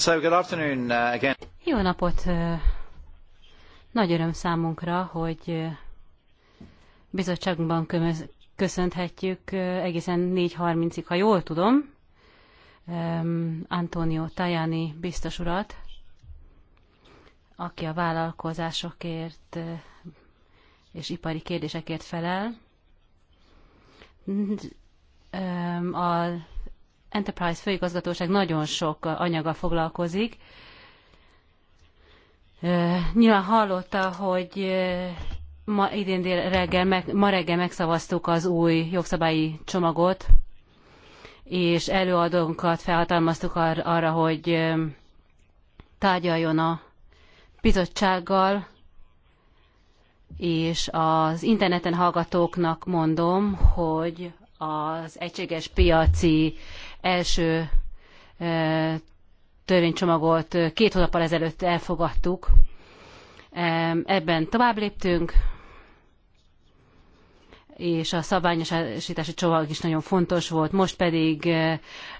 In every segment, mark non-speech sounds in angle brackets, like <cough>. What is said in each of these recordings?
So, good afternoon uh, again. Jó napot! Uh, nagy öröm számunkra, hogy uh, bizottságunkban köszönhetjük egészen 4.30-ig, ha jól tudom, um, Antonio Tajani biztos urat, aki a vállalkozásokért és ipari kérdésekért felel. Um, a Enterprise főigazgatóság nagyon sok anyaga foglalkozik. Nyilván hallotta, hogy ma idén dél reggel, meg, ma reggel megszavaztuk az új jogszabályi csomagot, és előadónkat felhatalmaztuk ar- arra, hogy tárgyaljon a bizottsággal, és az interneten hallgatóknak mondom, hogy az egységes piaci első törvénycsomagot két hónappal ezelőtt elfogadtuk. Ebben tovább léptünk, és a szabványosítási csomag is nagyon fontos volt. Most pedig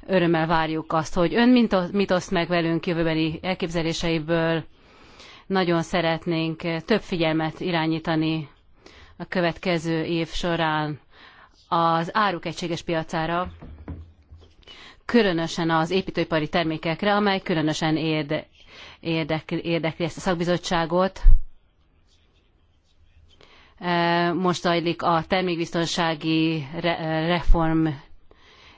örömmel várjuk azt, hogy ön mit oszt meg velünk jövőbeli elképzeléseiből. Nagyon szeretnénk több figyelmet irányítani a következő év során az áruk egységes piacára különösen az építőipari termékekre, amely különösen érde, érdekli, érdekli ezt a szakbizottságot. E, most zajlik a termékbiztonsági reform,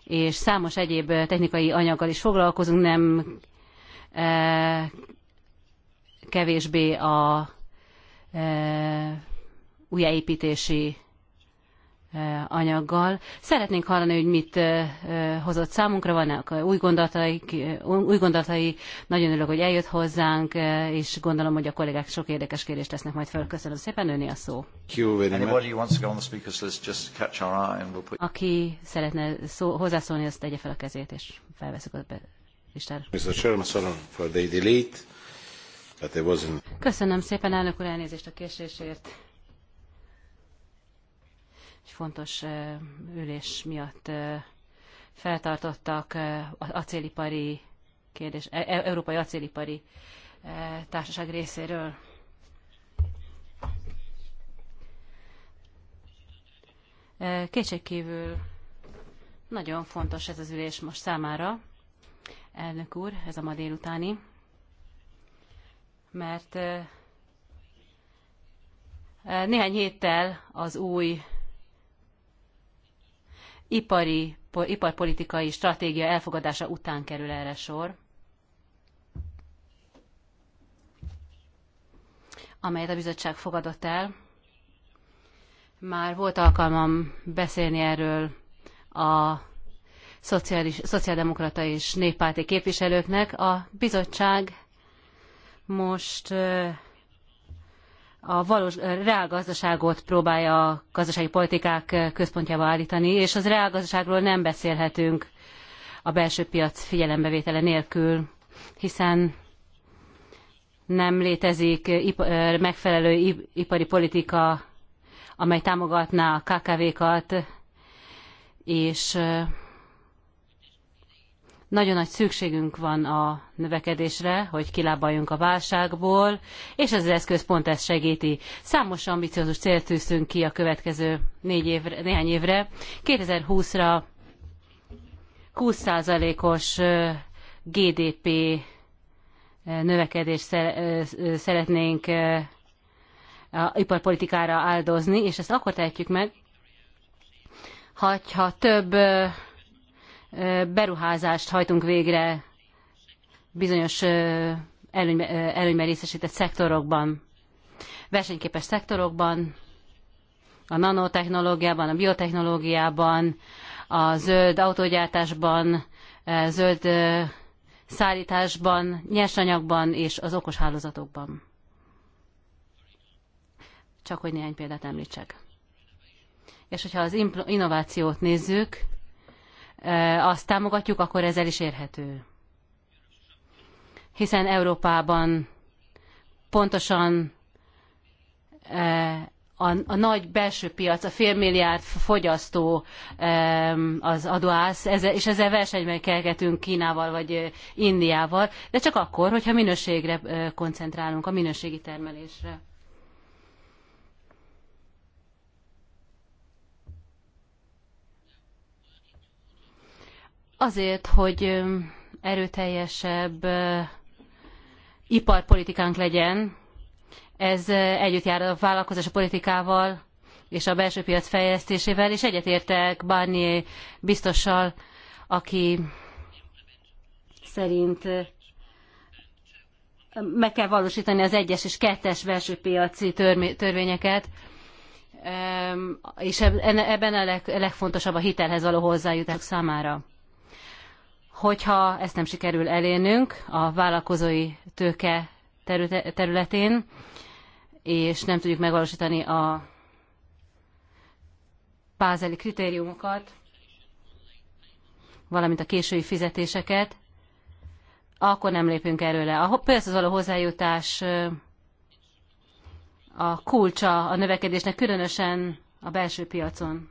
és számos egyéb technikai anyaggal is foglalkozunk, nem e, kevésbé a e, újjáépítési Eh, anyaggal. Szeretnénk hallani, hogy mit eh, eh, hozott számunkra, vannak új gondolatai, új gondolatai. Nagyon örülök, hogy eljött hozzánk, és gondolom, hogy a kollégák sok érdekes kérdést tesznek majd föl. Köszönöm szépen, önni a szó. Aki szeretne szó, hozzászólni, azt tegye fel a kezét, és felveszük a listára. Köszönöm szépen, elnök úr, elnézést a késésért egy fontos ülés miatt feltartottak acélipari kérdés, e, e, Európai Acélipari Társaság részéről. Kétségkívül nagyon fontos ez az ülés most számára, elnök úr, ez a ma délutáni, mert néhány héttel az új ipari, iparpolitikai stratégia elfogadása után kerül erre sor, amelyet a bizottság fogadott el. Már volt alkalmam beszélni erről a szociális, szociáldemokrata és néppárti képviselőknek. A bizottság most a valós eh, reálgazdaságot próbálja a gazdasági politikák eh, központjába állítani, és az reálgazdaságról nem beszélhetünk a belső piac figyelembevétele nélkül, hiszen nem létezik eh, megfelelő ipari politika, amely támogatná a KKV-kat, és nagyon nagy szükségünk van a növekedésre, hogy kilábaljunk a válságból, és ez az eszköz pont ezt segíti. Számos ambiciózus célt tűztünk ki a következő négy évre, néhány évre. 2020-ra 20%-os GDP növekedést szeretnénk a iparpolitikára áldozni, és ezt akkor tehetjük meg, ha, ha több beruházást hajtunk végre bizonyos előnyben, részesített szektorokban, versenyképes szektorokban, a nanotechnológiában, a biotechnológiában, a zöld autógyártásban, zöld szállításban, nyersanyagban és az okos hálózatokban. Csak hogy néhány példát említsek. És hogyha az innovációt nézzük, Eh, azt támogatjuk, akkor ezzel is érhető. Hiszen Európában pontosan eh, a, a nagy belső piac, a félmilliárd fogyasztó eh, az adóász, és ezzel versenyben kelgetünk Kínával vagy Indiával, de csak akkor, hogyha minőségre koncentrálunk, a minőségi termelésre. azért, hogy erőteljesebb iparpolitikánk legyen, ez együtt jár a vállalkozás politikával és a belső piac fejlesztésével, és egyetértek Barnier biztossal, aki szerint meg kell valósítani az egyes és kettes belső piaci törvényeket, és ebben a legfontosabb a hitelhez való hozzájutás számára. Hogyha ezt nem sikerül elérnünk a vállalkozói tőke területén, és nem tudjuk megvalósítani a pázeli kritériumokat, valamint a késői fizetéseket, akkor nem lépünk előle. A piachoz való hozzájutás a kulcsa a növekedésnek, különösen a belső piacon.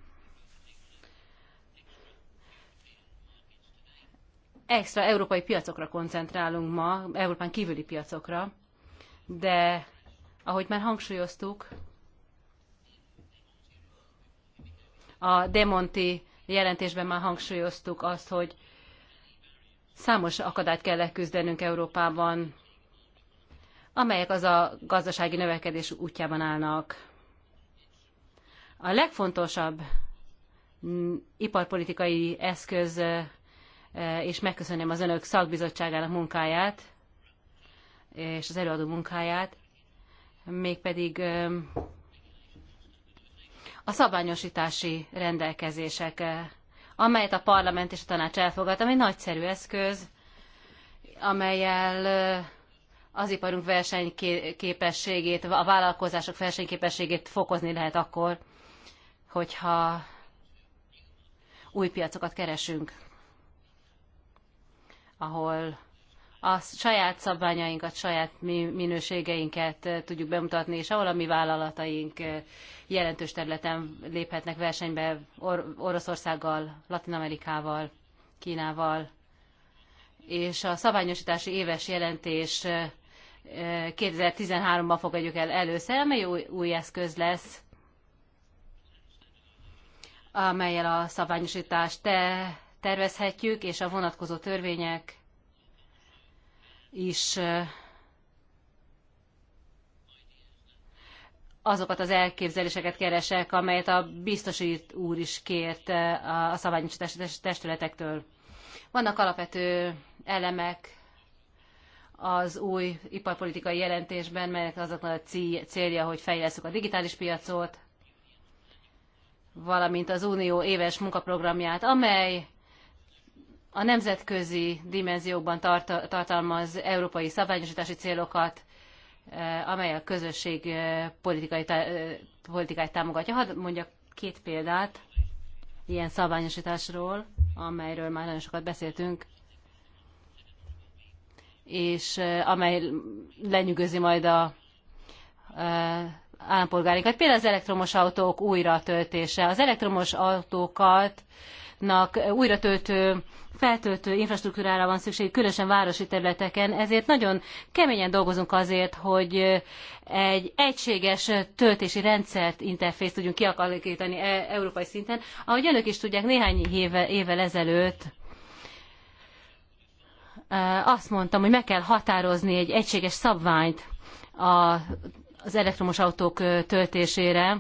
extra európai piacokra koncentrálunk ma, Európán kívüli piacokra, de ahogy már hangsúlyoztuk, a Demonti jelentésben már hangsúlyoztuk azt, hogy számos akadályt kell leküzdenünk Európában, amelyek az a gazdasági növekedés útjában állnak. A legfontosabb mm, iparpolitikai eszköz Eh, és megköszönném az önök szakbizottságának munkáját, és az előadó munkáját, mégpedig eh, a szabványosítási rendelkezések, eh, amelyet a parlament és a tanács elfogad, ami nagyszerű eszköz, amelyel az iparunk versenyképességét, a vállalkozások versenyképességét fokozni lehet akkor, hogyha új piacokat keresünk ahol a saját szabványainkat, saját minőségeinket eh, tudjuk bemutatni, és ahol a mi vállalataink eh, jelentős területen léphetnek versenybe Or- Oroszországgal, Latin-Amerikával, Kínával. És a szabványosítási éves jelentés 2013-ban eh, fogadjuk el először, amely új, új eszköz lesz, amelyel a szabványosítás te tervezhetjük, és a vonatkozó törvények is azokat az elképzeléseket keresek, amelyet a biztosít úr is kért a szabálynyújtás testületektől. Vannak alapvető elemek az új iparpolitikai jelentésben, melynek az a célja, hogy fejleszünk a digitális piacot, valamint az Unió éves munkaprogramját, amely a nemzetközi dimenziókban tartalmaz európai szabványosítási célokat, eh, amely a közösség eh, politikai, eh, politikáit támogatja. Hadd mondjak két példát ilyen szabványosításról, amelyről már nagyon sokat beszéltünk, és amely lenyűgözi majd a állampolgárinkat. Például az elektromos autók újra töltése. Az elektromos autókat nak újra töltő, feltöltő infrastruktúrára van szükség, különösen városi területeken, ezért nagyon keményen dolgozunk azért, hogy egy egységes töltési rendszert, interfészt tudjunk kialakítani e európai szinten. Ahogy önök is tudják, néhány éve, évvel ezelőtt e, azt mondtam, hogy meg kell határozni egy egységes szabványt a, az elektromos autók e, töltésére,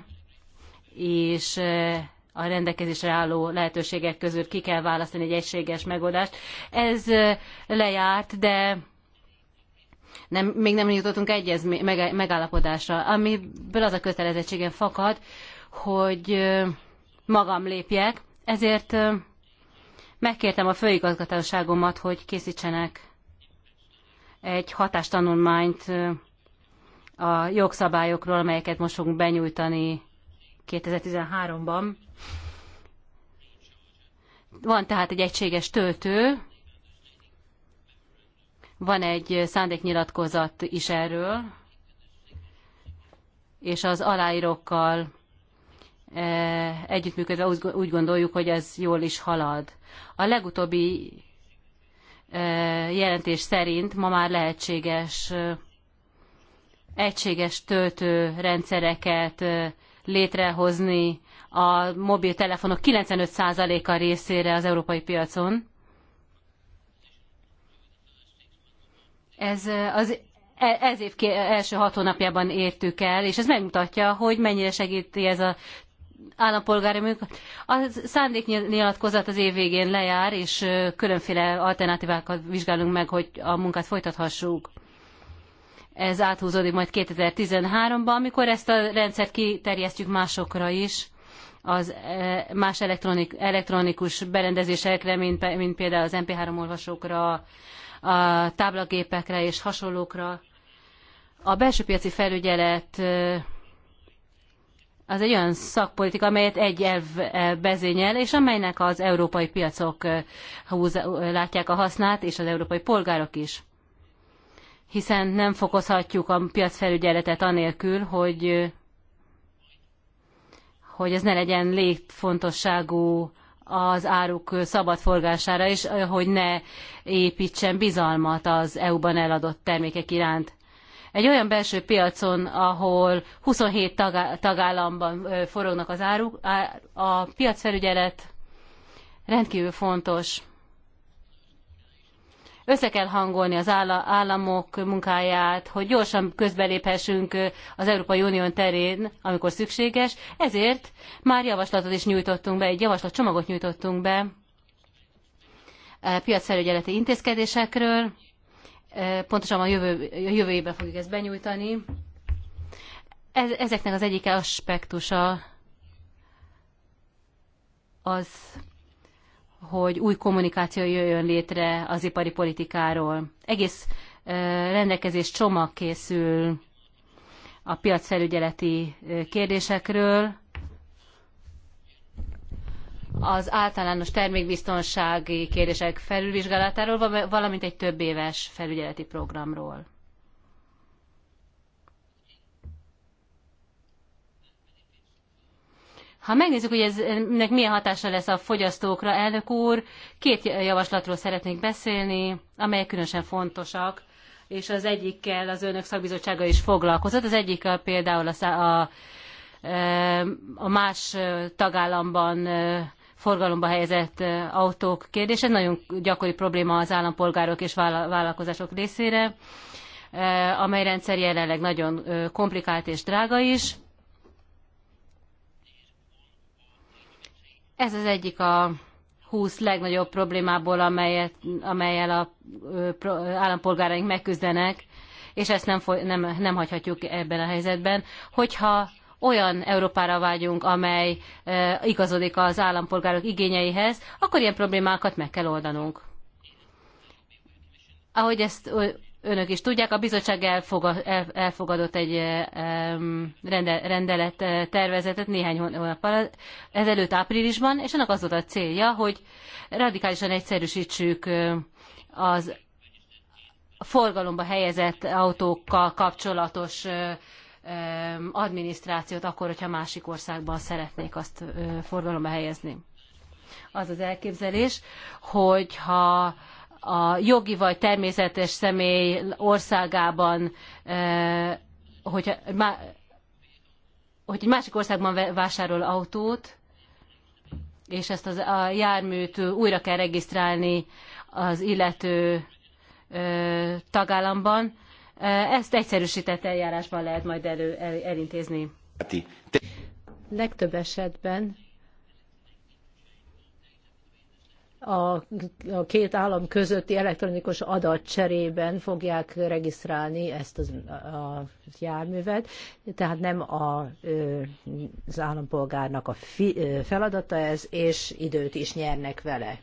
és e, a rendelkezésre álló lehetőségek közül ki kell választani egy egységes megoldást. Ez lejárt, de nem, még nem jutottunk egyez megállapodásra, amiből az a kötelezettségem fakad, hogy magam lépjek, ezért megkértem a főigazgatóságomat, hogy készítsenek egy hatástanulmányt a jogszabályokról, amelyeket most fogunk benyújtani 2013-ban. Van tehát egy egységes töltő, van egy szándéknyilatkozat is erről, és az aláírókkal e, együttműködve úgy gondoljuk, hogy ez jól is halad. A legutóbbi e, jelentés szerint ma már lehetséges e, egységes töltőrendszereket létrehozni a mobiltelefonok 95%-a részére az európai piacon. Ez az e, ez év első hat hónapjában értük el, és ez megmutatja, hogy mennyire segíti ez a állampolgári munkat. A szándéknyilatkozat az év végén lejár, és különféle alternatívákat vizsgálunk meg, hogy a munkát folytathassuk ez áthúzódik majd 2013-ban, amikor ezt a rendszert kiterjesztjük másokra is, az e, más elektronik, elektronikus berendezésekre, mint, mint például az MP3 olvasókra, a táblagépekre és hasonlókra. A belső piaci felügyelet e, az egy olyan szakpolitika, amelyet egy elv e, vezényel, és amelynek az európai piacok látják a hasznát, és az európai polgárok is hiszen nem fokozhatjuk a piacfelügyeletet anélkül, hogy, hogy ez ne legyen létfontosságú az áruk szabad forgására, és eh, hogy ne építsen bizalmat az EU-ban eladott termékek iránt. Egy olyan belső piacon, ahol 27 tagállamban eh, forognak az áruk, a piacfelügyelet rendkívül fontos össze kell hangolni az államok munkáját, hogy gyorsan közbeléphessünk az Európai Unión terén, amikor szükséges. Ezért már javaslatot is nyújtottunk be, egy javaslatcsomagot nyújtottunk be piacfelügyeleti intézkedésekről. Pontosan a jövő, a jövő évben fogjuk ezt benyújtani. ezeknek az egyik aspektusa az hogy új kommunikáció jöjjön létre az ipari politikáról. Egész rendelkezés csomag készül a piacfelügyeleti kérdésekről, az általános termékbiztonsági kérdések felülvizsgálatáról, valamint egy több éves felügyeleti programról. Ha megnézzük, hogy ez, ennek milyen hatása lesz a fogyasztókra, elnök úr, két javaslatról szeretnék beszélni, amelyek különösen fontosak, és az egyikkel az önök szakbizottsága is foglalkozott. Az egyik a például a, a, e, a más e, tagállamban e, forgalomba helyezett autók kérdése. Nagyon gyakori probléma az állampolgárok és vállalkozások részére, amely rendszer jelenleg nagyon komplikált és drága is Ez az egyik a 20 legnagyobb problémából, amelyet, amelyel a állampolgáraink megküzdenek, és ezt nem, nem, nem hagyhatjuk ebben a helyzetben, hogyha olyan Európára vágyunk, amely igazodik az állampolgárok igényeihez, akkor ilyen problémákat meg kell oldanunk. Ahogy ezt önök is tudják, a bizottság elfogadott egy eh, rendelet eh, tervezetet néhány hónappal ezelőtt áprilisban, és annak az volt a célja, hogy radikálisan egyszerűsítsük eh, az forgalomba helyezett autókkal kapcsolatos adminisztrációt, akkor, hogyha másik országban szeretnék azt forgalomba helyezni. Az az elképzelés, hogyha a jogi vagy természetes személy országában, e, hogyha, hogy egy másik országban vásárol autót, és ezt az, a járműt újra kell regisztrálni az illető ö, e, tagállamban. E, ezt egyszerűsített eljárásban lehet majd elő, el, elintézni. Legtöbb esetben a, a két állam közötti elektronikus adatcserében fogják regisztrálni ezt az, a járművet, tehát nem a, az állampolgárnak a fi, feladata ez, és időt is nyernek vele.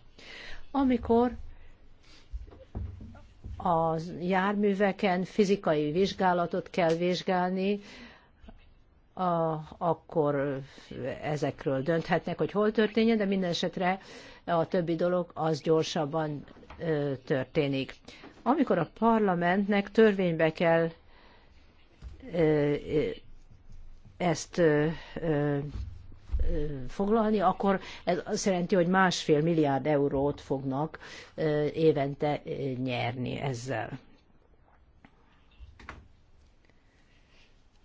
Amikor a járműveken fizikai vizsgálatot kell vizsgálni, a, akkor ezekről dönthetnek, hogy hol történjen, de minden esetre a többi dolog az gyorsabban történik. Amikor a parlamentnek törvénybe kell ezt foglalni, akkor ez azt jelenti, hogy másfél milliárd eurót fognak évente nyerni ezzel.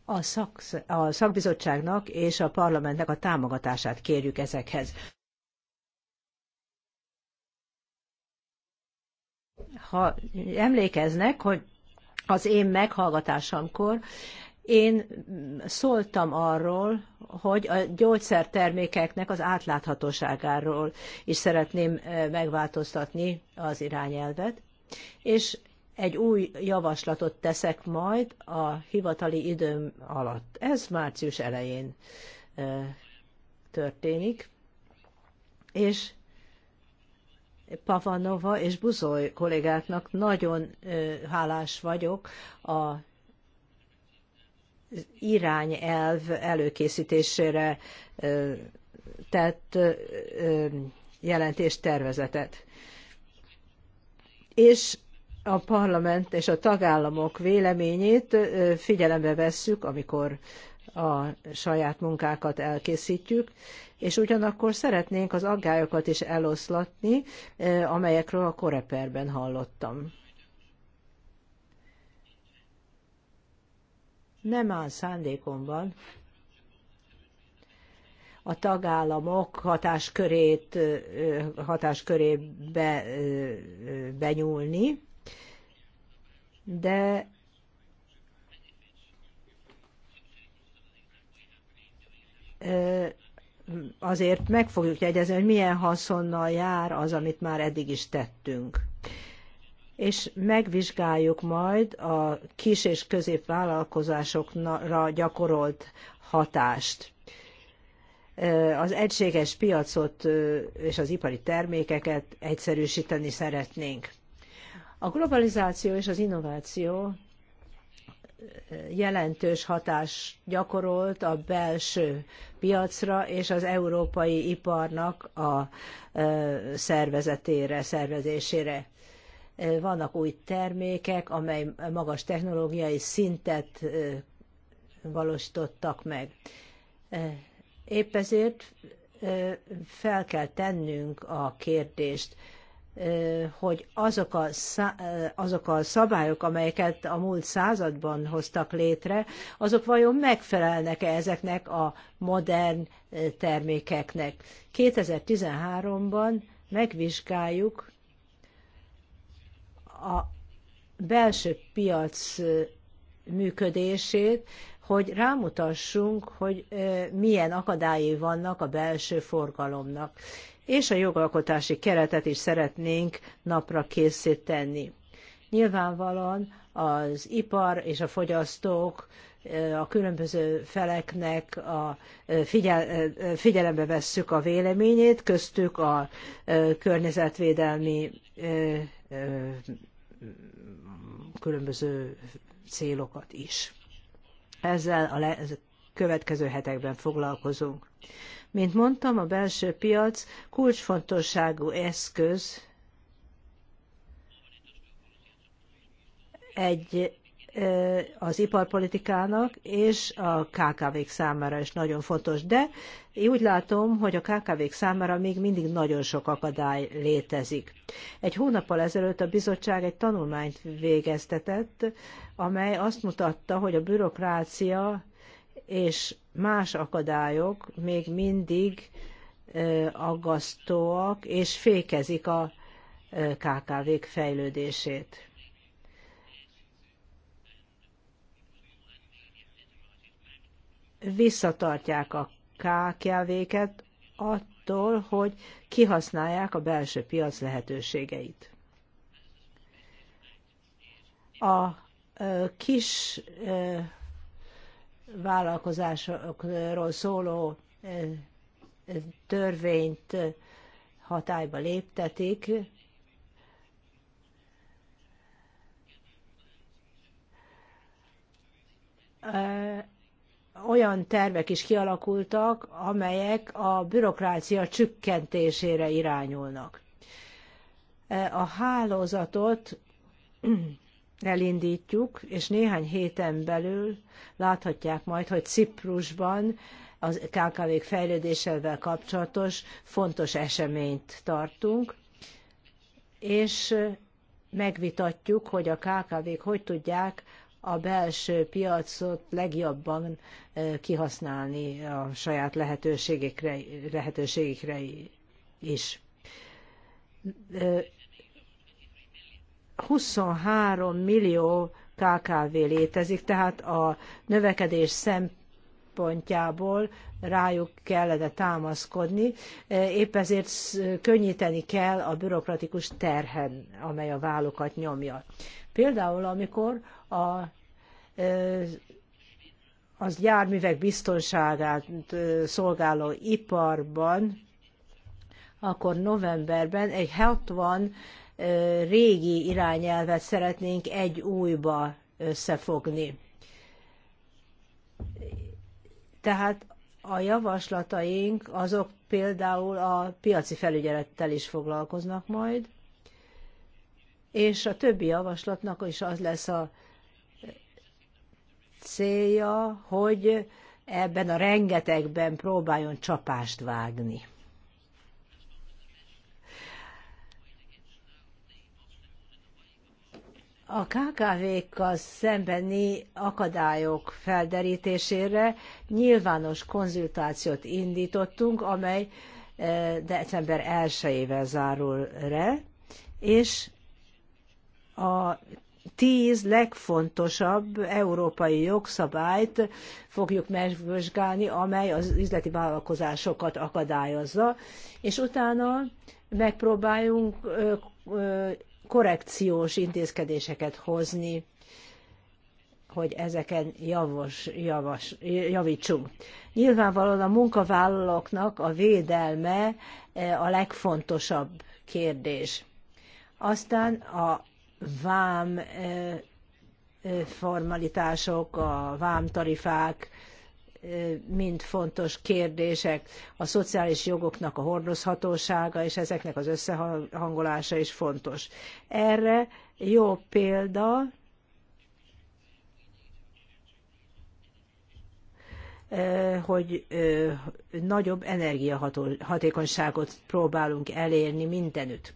A, szak, a szakbizottságnak és a parlamentnek a támogatását kérjük ezekhez. ha emlékeznek, hogy az én meghallgatásamkor, én szóltam arról, hogy a gyógyszertermékeknek az átláthatóságáról is szeretném eh, megváltoztatni az irányelvet, és egy új javaslatot teszek majd a hivatali időm alatt. Ez március elején eh, történik, és Pavanova és Buzoly kollégáknak nagyon hálás vagyok a irányelv előkészítésére tett jelentés tervezetet. És a parlament és a tagállamok véleményét figyelembe vesszük, amikor a saját munkákat elkészítjük, és ugyanakkor szeretnénk az aggályokat is eloszlatni, eh, amelyekről a koreperben hallottam. Nem áll szándékomban a tagállamok hatáskörét, eh, hatáskörébe eh, benyúlni, de azért meg fogjuk jegyezni, hogy milyen haszonnal jár az, amit már eddig is tettünk. És megvizsgáljuk majd a kis és középvállalkozásokra gyakorolt hatást. Az egységes piacot és az ipari termékeket egyszerűsíteni szeretnénk. A globalizáció és az innováció jelentős hatást gyakorolt a belső piacra és az európai iparnak a szervezetére, szervezésére. Vannak új termékek, amely magas technológiai szintet valósítottak meg. Épp ezért fel kell tennünk a kérdést, hogy azok a, azok a szabályok, amelyeket a múlt században hoztak létre, azok vajon megfelelnek-e ezeknek a modern termékeknek. 2013-ban megvizsgáljuk a belső piac működését, hogy rámutassunk, hogy milyen akadályai vannak a belső forgalomnak, és a jogalkotási keretet is szeretnénk napra készíteni. Nyilvánvalóan az ipar és a fogyasztók a különböző feleknek a figyel, figyelembe vesszük a véleményét, köztük a környezetvédelmi különböző célokat is ezzel a le- következő hetekben foglalkozunk. Mint mondtam, a belső piac kulcsfontosságú eszköz egy az iparpolitikának és a KKV-k számára is nagyon fontos. De én úgy látom, hogy a KKV-k számára még mindig nagyon sok akadály létezik. Egy hónappal ezelőtt a bizottság egy tanulmányt végeztetett, amely azt mutatta, hogy a bürokrácia és más akadályok még mindig aggasztóak, és fékezik a KKV-k fejlődését. visszatartják a KKV-ket attól, hogy kihasználják a belső piac lehetőségeit. A kis vállalkozásokról szóló törvényt hatályba léptetik, olyan tervek is kialakultak, amelyek a bürokrácia csökkentésére irányulnak. E, a hálózatot <clears throat> elindítjuk, és néhány héten belül láthatják majd, hogy Ciprusban az kkv fejlődésével kapcsolatos fontos eseményt tartunk, és megvitatjuk, hogy a KKV-k hogy tudják a belső piacot legjobban kihasználni a saját lehetőségekre, lehetőségekre is. 23 millió KKV létezik, tehát a növekedés szempontjából rájuk kellene támaszkodni. Épp ezért könnyíteni kell a bürokratikus terhen, amely a vállukat nyomja. Például, amikor a, az járművek biztonságát szolgáló iparban, akkor novemberben egy 60 régi irányelvet szeretnénk egy újba összefogni. Tehát a javaslataink azok például a piaci felügyelettel is foglalkoznak majd, és a többi javaslatnak is az lesz a célja, hogy ebben a rengetegben próbáljon csapást vágni. A KKV-kkal szembeni akadályok felderítésére nyilvános konzultációt indítottunk, amely eh, december 1-ével zárul le, és a tíz legfontosabb európai jogszabályt fogjuk megvizsgálni, amely az üzleti vállalkozásokat akadályozza, és utána megpróbáljunk korrekciós intézkedéseket hozni, hogy ezeken javos, javas, javítsunk. Nyilvánvalóan a munkavállalóknak a védelme a legfontosabb kérdés. Aztán a vám eh, eh, formalitások, a vámtarifák eh, mind fontos kérdések, a szociális jogoknak a hordozhatósága és ezeknek az összehangolása is fontos. Erre jó példa hogy nagyobb energiahatékonyságot próbálunk elérni mindenütt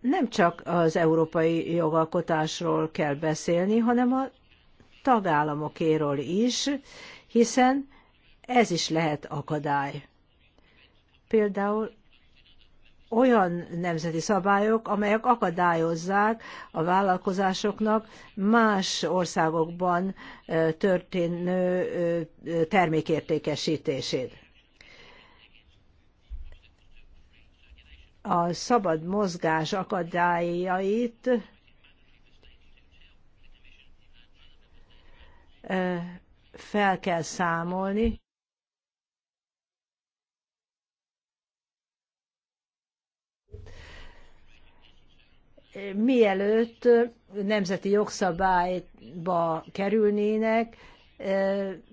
nem csak az európai jogalkotásról kell beszélni, hanem a tagállamokéről is, hiszen ez is lehet akadály. Például olyan nemzeti szabályok, amelyek akadályozzák a vállalkozásoknak más országokban történő termékértékesítését. a szabad mozgás akadályait fel kell számolni. Mielőtt nemzeti jogszabályba kerülnének,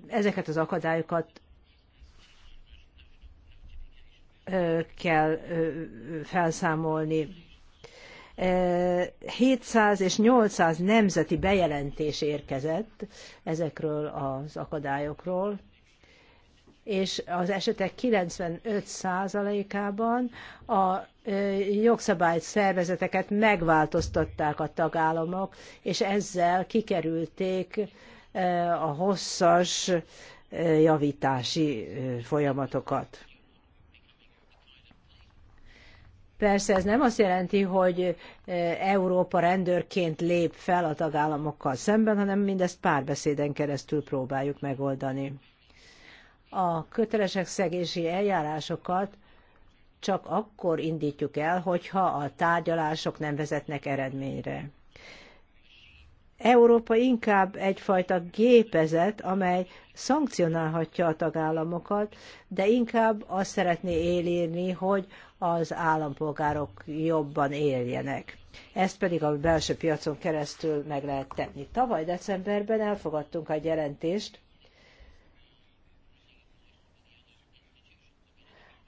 ezeket az akadályokat kell felszámolni. 700 és 800 nemzeti bejelentés érkezett ezekről az akadályokról, és az esetek 95%-ában a jogszabályt szervezeteket megváltoztatták a tagállamok, és ezzel kikerülték a hosszas javítási folyamatokat. Persze ez nem azt jelenti, hogy e, Európa rendőrként lép fel a tagállamokkal szemben, hanem mindezt párbeszéden keresztül próbáljuk megoldani. A kötelesek szegési eljárásokat csak akkor indítjuk el, hogyha a tárgyalások nem vezetnek eredményre. Európa inkább egyfajta gépezet, amely szankcionálhatja a tagállamokat, de inkább azt szeretné élírni, hogy az állampolgárok jobban éljenek. Ezt pedig a belső piacon keresztül meg lehet tenni. Tavaly decemberben elfogadtunk a jelentést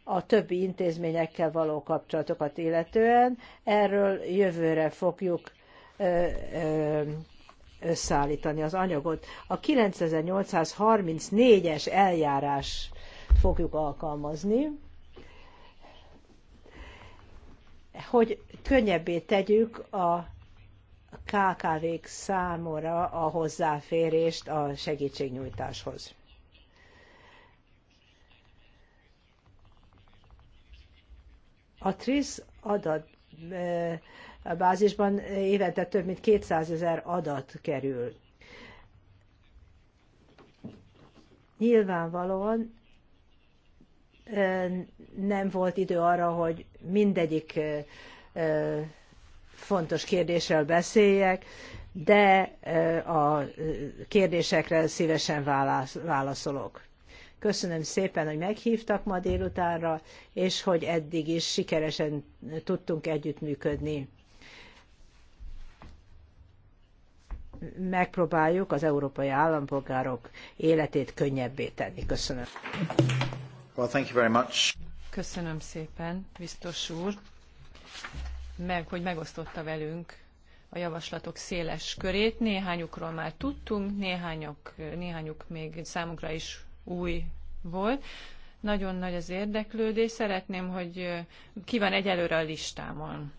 a többi intézményekkel való kapcsolatokat illetően. Erről jövőre fogjuk összeállítani az anyagot. A 9834-es eljárás fogjuk alkalmazni, hogy könnyebbé tegyük a KKV-k számára a hozzáférést a segítségnyújtáshoz. A TRISZ adat a bázisban évente több mint 200 ezer adat kerül. Nyilvánvalóan nem volt idő arra, hogy mindegyik fontos kérdéssel beszéljek, de a kérdésekre szívesen válaszolok. Köszönöm szépen, hogy meghívtak ma délutánra, és hogy eddig is sikeresen tudtunk együttműködni. megpróbáljuk az európai állampolgárok életét könnyebbé tenni. Köszönöm. Well, thank you very much. Köszönöm szépen, biztos úr, meg, hogy megosztotta velünk a javaslatok széles körét. Néhányukról már tudtunk, néhányok, néhányuk még számunkra is új volt. Nagyon nagy az érdeklődés. Szeretném, hogy ki van egyelőre a listámon.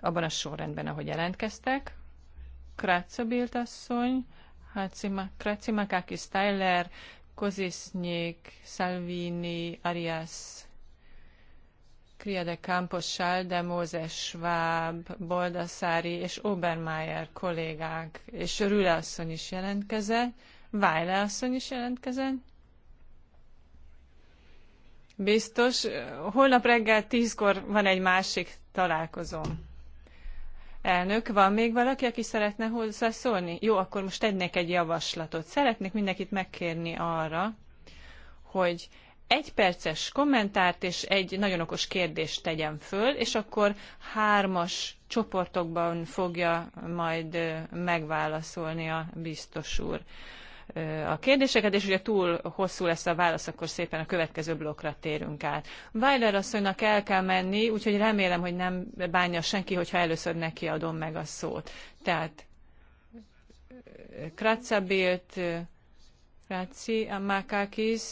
Abban a sorrendben, ahogy jelentkeztek. Krácsabilt asszony, Krácimakákis Tyler, Kozisznyék, Salvini, Arias, kriade Campos, de Mózes Schwab, Boldaszári és Obermeier kollégák, és Rüle asszony is jelentkezett, Vájle asszony is jelentkezett. Biztos, holnap reggel tízkor van egy másik találkozom. Elnök, van még valaki, aki szeretne hozzászólni? Jó, akkor most tennék egy javaslatot. Szeretnék mindenkit megkérni arra, hogy egy perces kommentárt és egy nagyon okos kérdést tegyen föl, és akkor hármas csoportokban fogja majd megválaszolni a biztos úr a kérdéseket, és ugye túl hosszú lesz a válasz, akkor szépen a következő blokkra térünk át. Weiler asszonynak el kell menni, úgyhogy remélem, hogy nem bánja senki, hogyha először neki adom meg a szót. Tehát Kratzabilt, Kratzi, Amakakis,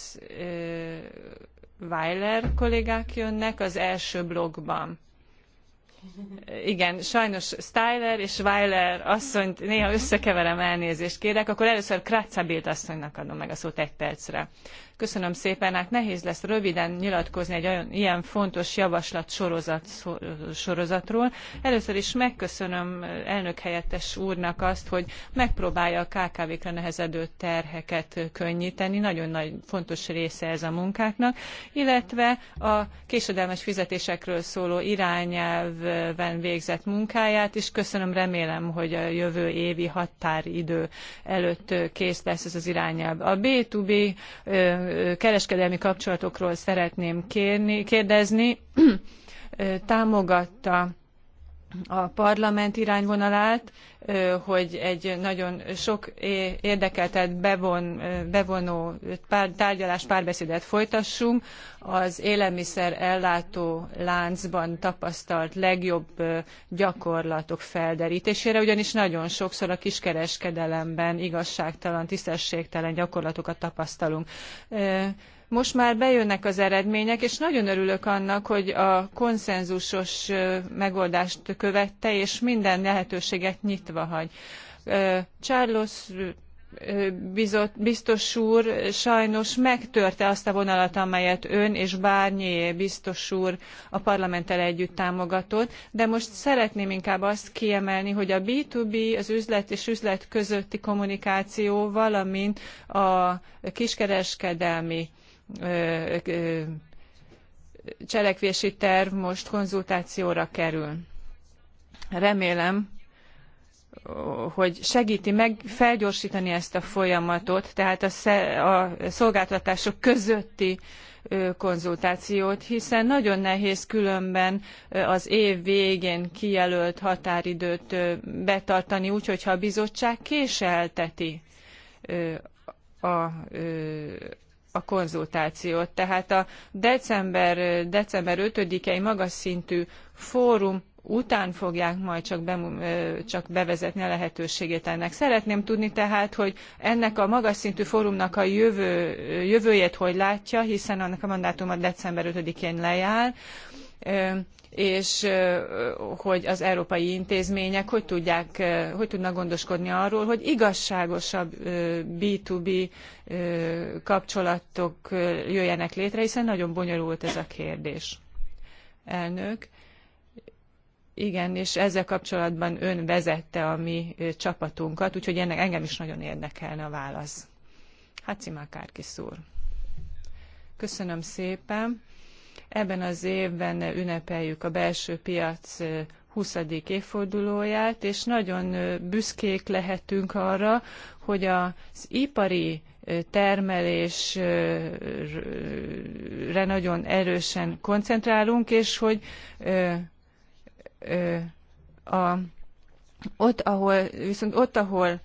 Weiler kollégák jönnek az első blogban igen, sajnos Styler és Weiler asszonyt néha összekeverem, elnézést kérek, akkor először Kratzabilt asszonynak adom meg a szót egy percre. Köszönöm szépen, hát nehéz lesz röviden nyilatkozni egy olyan, ilyen fontos javaslat sorozat, sorozatról. Először is megköszönöm eh, elnök helyettes úrnak azt, hogy megpróbálja a KKV-kra nehezedő terheket eh, könnyíteni. Nagyon nagy fontos része ez a munkáknak, illetve a késedelmes fizetésekről szóló irányelven végzett munkáját is köszönöm, remélem, hogy a jövő évi határidő előtt eh, kész lesz ez az irányelv. A B2B kereskedelmi kapcsolatokról szeretném kérni, kérdezni. <clears throat> Támogatta a parlament irányvonalát, hogy egy nagyon sok érdekeltet bevon, bevonó pár, tárgyalás párbeszédet folytassunk az élelmiszer ellátó láncban tapasztalt legjobb gyakorlatok felderítésére, ugyanis nagyon sokszor a kiskereskedelemben igazságtalan, tisztességtelen gyakorlatokat tapasztalunk. Most már bejönnek az eredmények, és nagyon örülök annak, hogy a konszenzusos megoldást követte, és minden lehetőséget nyitva hagy. Charles biztos úr sajnos megtörte azt a vonalat, amelyet ön és Barnier biztos úr a parlamenttel együtt támogatott, de most szeretném inkább azt kiemelni, hogy a B2B, az üzlet és üzlet közötti kommunikáció, valamint a kiskereskedelmi cselekvési terv most konzultációra kerül. Remélem, hogy segíti meg felgyorsítani ezt a folyamatot, tehát a, a szolgáltatások közötti konzultációt, hiszen nagyon nehéz különben az év végén kijelölt határidőt betartani, úgy, hogyha a bizottság késelteti a, a konzultációt. Tehát a december, december 5-i magas szintű fórum után fogják majd csak, be, csak bevezetni a lehetőségét ennek. Szeretném tudni tehát, hogy ennek a magas szintű fórumnak a jövő, jövőjét hogy látja, hiszen annak a mandátuma december 5-én lejár és hogy az európai intézmények hogy, tudják, hogy tudnak gondoskodni arról, hogy igazságosabb B2B kapcsolatok jöjjenek létre, hiszen nagyon bonyolult ez a kérdés. Elnök. Igen, és ezzel kapcsolatban ön vezette a mi csapatunkat, úgyhogy ennek engem is nagyon érdekelne a válasz. Hát Kárkis úr. Köszönöm szépen. Ebben az évben ünnepeljük a belső piac 20. évfordulóját, és nagyon büszkék lehetünk arra, hogy az ipari termelésre nagyon erősen koncentrálunk, és hogy a, ott, ahol, viszont ott, ahol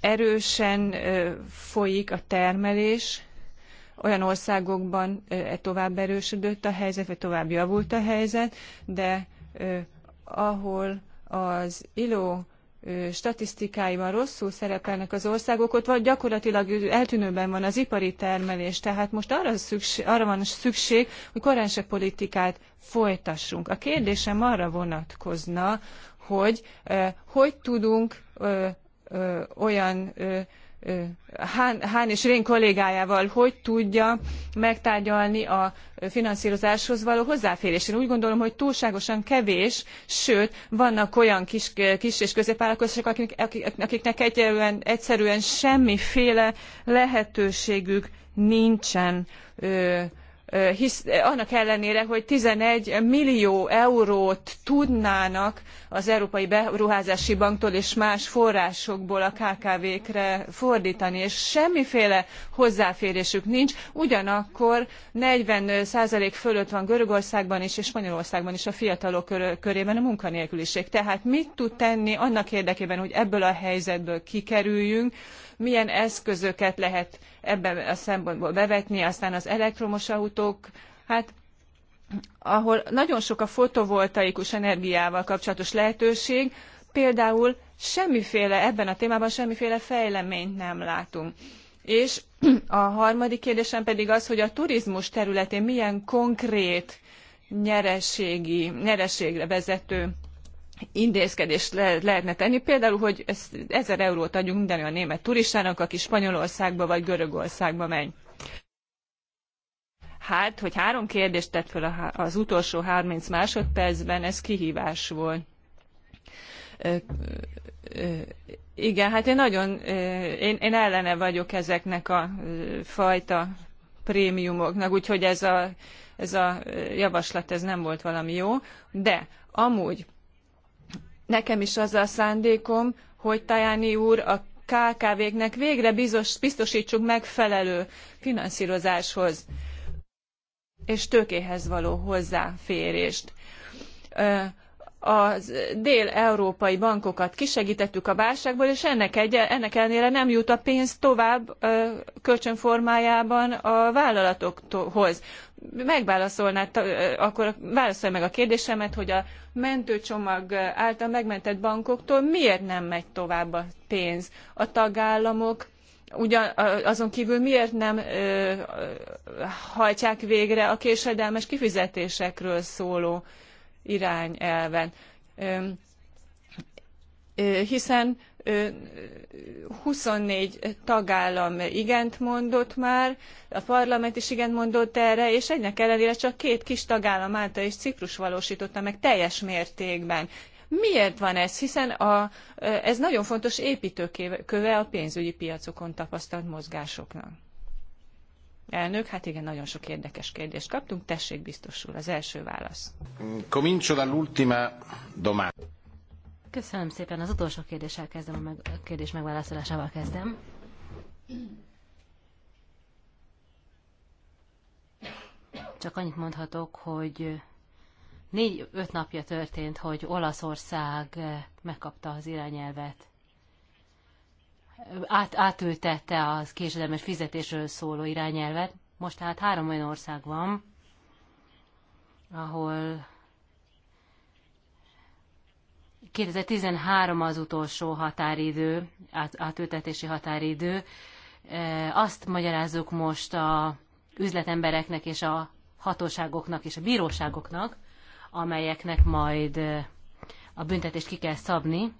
erősen folyik a termelés, olyan országokban e tovább erősödött a helyzet, vagy tovább javult a helyzet, de ahol az ILO statisztikáiban rosszul szerepelnek az országok, ott vagy gyakorlatilag eltűnőben van az ipari termelés, tehát most arra, szükség, arra van szükség, hogy koránse politikát folytassunk. A kérdésem arra vonatkozna, hogy eh, hogy tudunk eh, eh, olyan eh, Hán, és Rén kollégájával hogy tudja megtárgyalni a finanszírozáshoz való hozzáférést. Én úgy gondolom, hogy túlságosan kevés, sőt, vannak olyan kis, kis és középvállalkozások, akik, akiknek egyelően, egyszerűen semmiféle lehetőségük nincsen. Ö, hisz, annak ellenére, hogy 11 millió eurót tudnának az Európai Beruházási Banktól és más forrásokból a KKV-kre fordítani, és semmiféle hozzáférésük nincs, ugyanakkor 40% fölött van Görögországban is és Spanyolországban is a fiatalok körében a munkanélküliség. Tehát mit tud tenni annak érdekében, hogy ebből a helyzetből kikerüljünk, milyen eszközöket lehet ebben a szempontból bevetni, aztán az elektromos autók, hát ahol nagyon sok a fotovoltaikus energiával kapcsolatos lehetőség, például semmiféle, ebben a témában semmiféle fejleményt nem látunk. És <clears throat> a harmadik kérdésem pedig az, hogy a turizmus területén milyen konkrét nyereségi, nyereségre vezető intézkedést le, lehetne tenni, például, hogy ezt, ezer eurót adjunk minden olyan német turistának, aki Spanyolországba vagy Görögországba megy. Hát, hogy három kérdést tett fel az utolsó 30 másodpercben, ez kihívás volt. igen, hát én nagyon, én, én ellene vagyok ezeknek a fajta prémiumoknak, úgyhogy ez a, ez a javaslat ez nem volt valami jó, de amúgy Nekem is az a szándékom, hogy Tajani úr a KKV-knek végre bizos, biztosítsuk megfelelő finanszírozáshoz és tőkéhez való hozzáférést. A dél-európai bankokat kisegítettük a válságból, és ennek, egy, ennek ellenére nem jut a pénz tovább kölcsönformájában a vállalatokhoz megválaszolná, akkor válaszolj meg a kérdésemet, hogy a mentőcsomag által megmentett bankoktól miért nem megy tovább a pénz? A tagállamok ugyan, azon kívül miért nem ö, hajtják végre a késedelmes kifizetésekről szóló irányelven? Ö, ö, hiszen 24 tagállam igent mondott már, a parlament is igent mondott erre, és egynek ellenére csak két kis tagállam által is Ciprus valósította meg teljes mértékben. Miért van ez? Hiszen a, ez nagyon fontos építőköve a pénzügyi piacokon tapasztalt mozgásoknak. Elnök, hát igen, nagyon sok érdekes kérdést kaptunk. Tessék, biztosul az első válasz. Comincio dall'ultima domanda. Köszönöm szépen. Az utolsó kérdéssel kezdem, a, meg, a kérdés megválaszolásával kezdem. Csak annyit mondhatok, hogy négy-öt napja történt, hogy Olaszország megkapta az irányelvet. Át, átültette az késedelmes fizetésről szóló irányelvet. Most tehát három olyan ország van, ahol 2013 az utolsó határidő, átültetési határidő. E, azt magyarázzuk most a üzletembereknek és a hatóságoknak és a bíróságoknak, amelyeknek majd e, a büntetést ki kell szabni,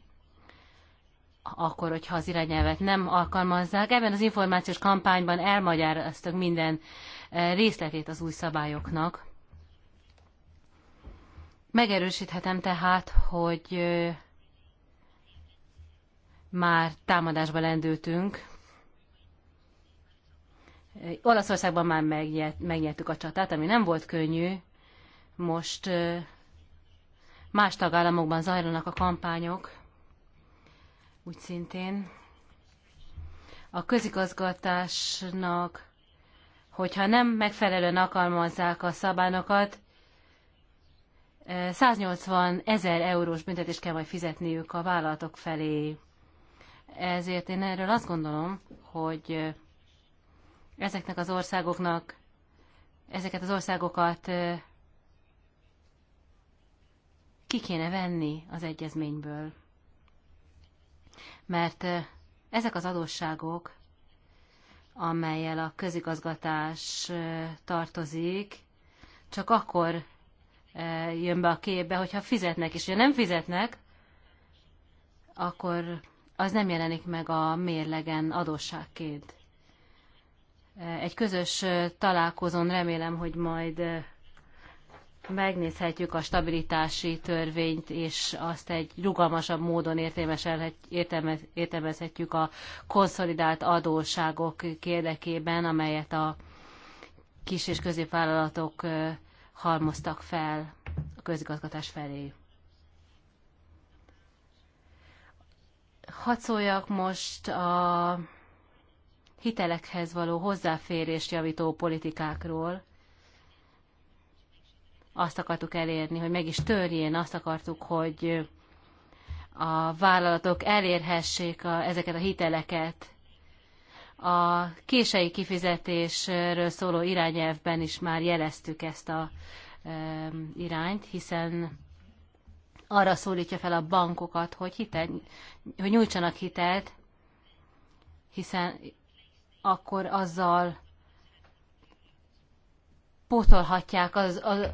akkor, hogyha az irányelvet nem alkalmazzák. Ebben az információs kampányban elmagyaráztak minden e, részletét az új szabályoknak. Megerősíthetem tehát, hogy már támadásba lendültünk. Olaszországban már megnyertük a csatát, ami nem volt könnyű. Most más tagállamokban zajlanak a kampányok, úgy szintén. A közigazgatásnak, hogyha nem megfelelően alkalmazzák a szabályokat, 180 ezer eurós büntetést kell majd fizetniük a vállalatok felé. Ezért én erről azt gondolom, hogy ezeknek az országoknak, ezeket az országokat ki kéne venni az egyezményből. Mert ezek az adósságok, amelyel a közigazgatás tartozik, csak akkor jön be a képbe, hogyha fizetnek, és ha nem fizetnek, akkor az nem jelenik meg a mérlegen adósságként. Egy közös találkozón remélem, hogy majd megnézhetjük a stabilitási törvényt, és azt egy rugalmasabb módon értelmezhetjük a konszolidált adósságok érdekében, amelyet a kis és középvállalatok halmoztak fel a közigazgatás felé. Hadd szóljak most a hitelekhez való hozzáférést javító politikákról. Azt akartuk elérni, hogy meg is törjén, azt akartuk, hogy a vállalatok elérhessék a, ezeket a hiteleket, a kései kifizetésről szóló irányelvben is már jeleztük ezt a irányt, hiszen arra szólítja fel a bankokat, hogy, hitel, hogy nyújtsanak hitelt, hiszen akkor azzal pótolhatják az, az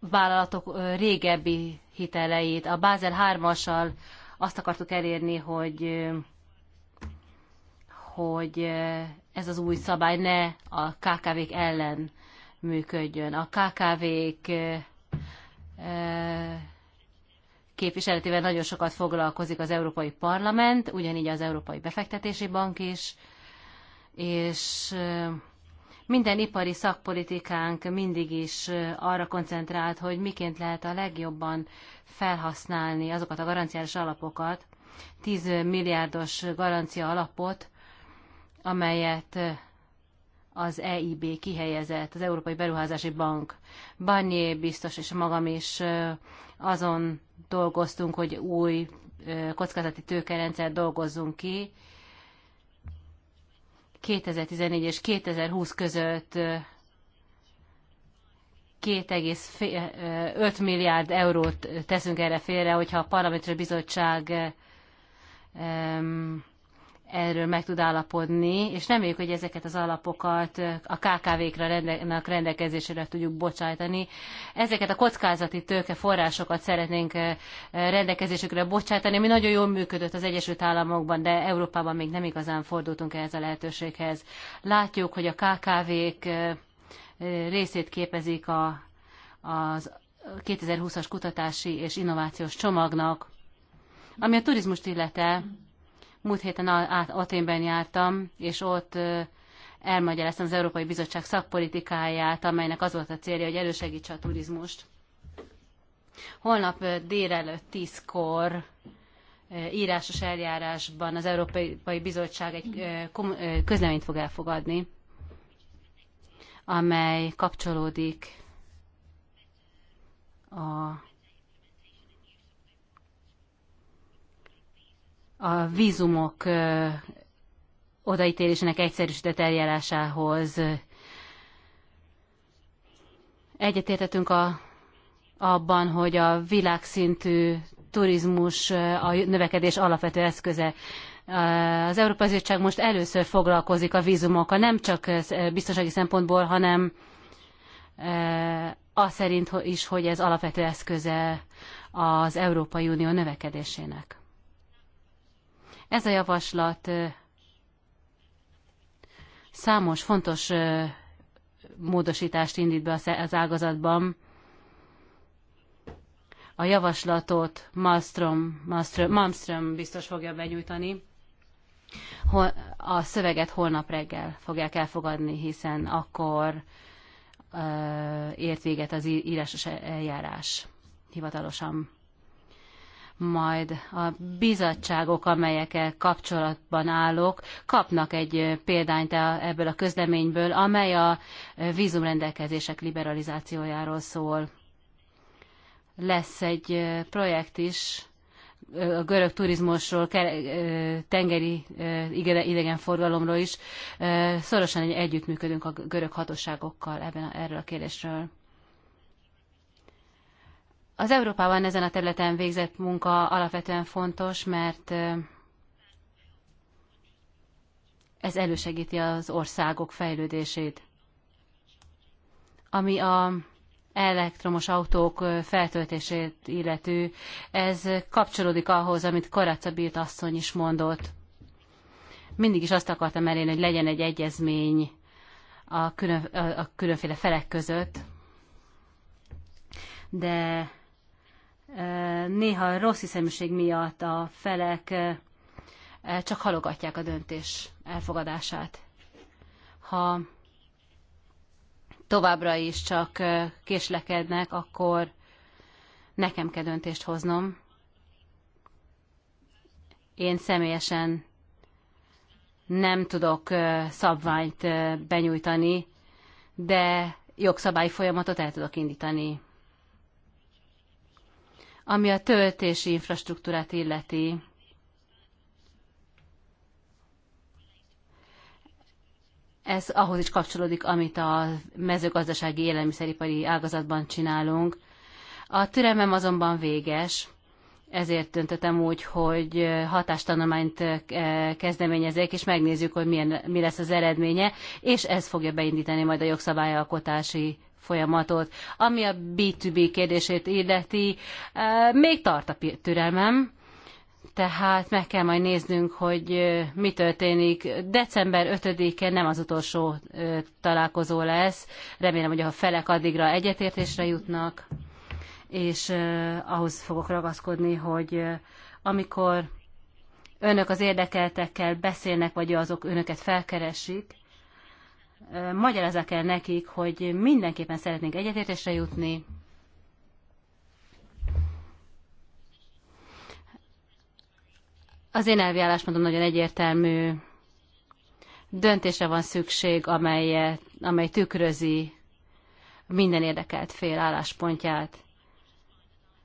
vállalatok régebbi hiteleit. A Bázel 3 assal azt akartuk elérni, hogy hogy eh, ez az új szabály ne a KKV-k ellen működjön. A KKV-k eh, eh, képviseletével nagyon sokat foglalkozik az Európai Parlament, ugyanígy az Európai Befektetési Bank is, és minden ipari szakpolitikánk mindig is arra koncentrált, hogy miként lehet a legjobban felhasználni azokat a garanciális alapokat, 10 milliárdos garancia alapot, amelyet az EIB kihelyezett, az Európai Beruházási Bank. Barnier biztos, és magam is azon dolgoztunk, hogy új kockázati tőkerendszer dolgozzunk ki. 2014 és 2020 között 2,5 milliárd eurót teszünk erre félre, hogyha a Parlamentről bizottság um, erről meg tud állapodni, és reméljük, hogy ezeket az alapokat a KKV-kra rende, rendelkezésére tudjuk bocsájtani. Ezeket a kockázati tőke forrásokat szeretnénk eh, rendelkezésükre bocsájtani, ami nagyon jól működött az Egyesült Államokban, de Európában még nem igazán fordultunk ehhez a lehetőséghez. Látjuk, hogy a KKV-k eh, részét képezik a, az 2020-as kutatási és innovációs csomagnak, ami a turizmust illete, Múlt héten Aténben jártam, és ott elmagyaráztam az Európai Bizottság szakpolitikáját, amelynek az volt a célja, hogy elősegítse a turizmust. Holnap délelőtt 10-kor írásos eljárásban az Európai Bizottság egy közleményt fog elfogadni, amely kapcsolódik a a vízumok odaítélésének egyszerűsített eljárásához. Egyetértetünk a, abban, hogy a világszintű turizmus a növekedés alapvető eszköze. Az Európai Bizottság most először foglalkozik a vízumokkal, nem csak biztonsági szempontból, hanem az szerint is, hogy ez alapvető eszköze az Európai Unió növekedésének. Ez a javaslat számos fontos módosítást indít be az ágazatban. A javaslatot Malmström, Malmström, Malmström biztos fogja benyújtani. A szöveget holnap reggel fogják elfogadni, hiszen akkor ért véget az írásos eljárás hivatalosan majd a bizottságok, amelyekkel kapcsolatban állok, kapnak egy példányt e- ebből a közleményből, amely a vízumrendelkezések liberalizációjáról szól. Lesz egy projekt is a görög turizmusról, tengeri idegenforgalomról is. Szorosan együttműködünk a görög hatóságokkal ebben a, erről a kérdésről. Az Európában ezen a területen végzett munka alapvetően fontos, mert ez elősegíti az országok fejlődését. Ami a elektromos autók feltöltését illető, ez kapcsolódik ahhoz, amit Karaca Bírt asszony is mondott. Mindig is azt akartam elérni, hogy legyen egy egyezmény a, külön, a különféle felek között, de néha rossz hiszeműség miatt a felek csak halogatják a döntés elfogadását. Ha továbbra is csak késlekednek, akkor nekem kell döntést hoznom. Én személyesen nem tudok szabványt benyújtani, de jogszabályi folyamatot el tudok indítani ami a töltési infrastruktúrát illeti. Ez ahhoz is kapcsolódik, amit a mezőgazdasági élelmiszeripari ágazatban csinálunk. A türelmem azonban véges, ezért döntöttem úgy, hogy hatástanulmányt eh, kezdeményezek, és megnézzük, hogy milyen, mi lesz az eredménye, és ez fogja beindítani majd a jogszabályalkotási folyamatot. Ami a B2B kérdését illeti, eh, még tart a türelmem, tehát meg kell majd néznünk, hogy eh, mi történik. December 5-e nem az utolsó eh, találkozó lesz. Remélem, hogy a felek addigra egyetértésre jutnak, és ahhoz fogok ragaszkodni, hogy amikor önök az érdekeltekkel beszélnek, vagy azok önöket felkeresik, magyarázzák el nekik, hogy mindenképpen szeretnénk egyetértésre jutni, Az én elvi álláspontom nagyon egyértelmű. Döntése van szükség, amely, amely tükrözi minden érdekelt fél álláspontját.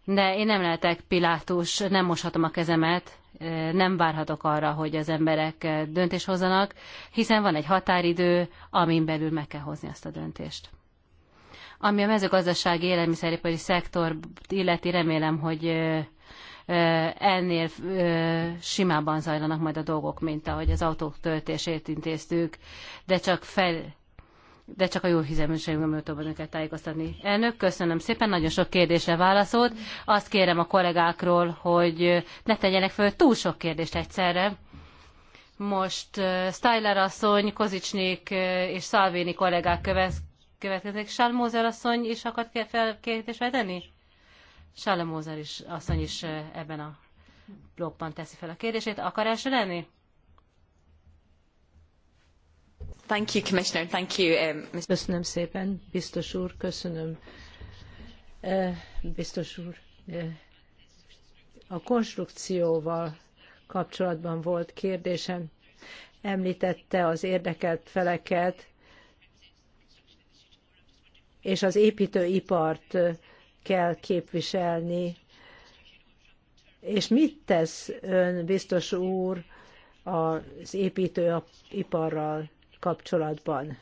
De én nem lehetek Pilátus, nem moshatom a kezemet nem várhatok arra, hogy az emberek döntés hozzanak, hiszen van egy határidő, amin belül meg kell hozni azt a döntést. Ami a mezőgazdasági élelmiszeripari szektor illeti, remélem, hogy ennél simában zajlanak majd a dolgok, mint ahogy az autók töltését intéztük, de csak fel, de csak a jó hizemésemről tudom önöket tájékoztatni. Elnök, köszönöm szépen, nagyon sok kérdésre válaszolt. Azt kérem a kollégákról, hogy ne tegyenek föl túl sok kérdést egyszerre. Most uh, Styler asszony, Kozicsnék uh, és Szalvéni kollégák követ, következnek. Salmózer asszony is akart fel kérdést vedeni? Salmózer is, asszony is uh, ebben a blogban teszi fel a kérdését. Akar első lenni? Thank you, Commissioner. Thank you, um, Köszönöm szépen, biztos úr, köszönöm. Eh, biztos úr, eh, a konstrukcióval kapcsolatban volt kérdésem. Említette az érdekelt feleket és az építőipart eh, kell képviselni. És mit tesz ön, biztos úr, az építőiparral kapcsolatban.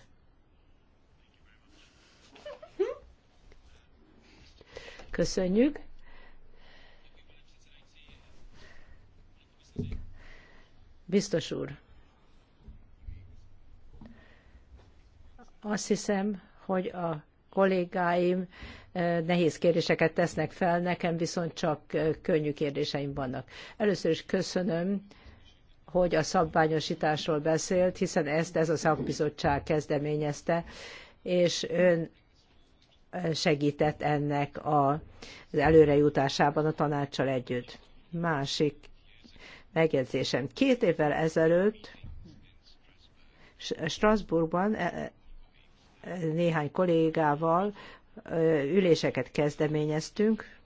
Köszönjük. Biztos úr. Azt hiszem, hogy a kollégáim eh, nehéz kérdéseket tesznek fel, nekem viszont csak eh, könnyű kérdéseim vannak. Először is köszönöm hogy a szabványosításról beszélt, hiszen ezt ez a szakbizottság kezdeményezte, és ön segített ennek az előrejutásában a tanácssal együtt. Másik megjegyzésem. Két évvel ezelőtt Strasbourgban e, e, néhány kollégával üléseket kezdeményeztünk,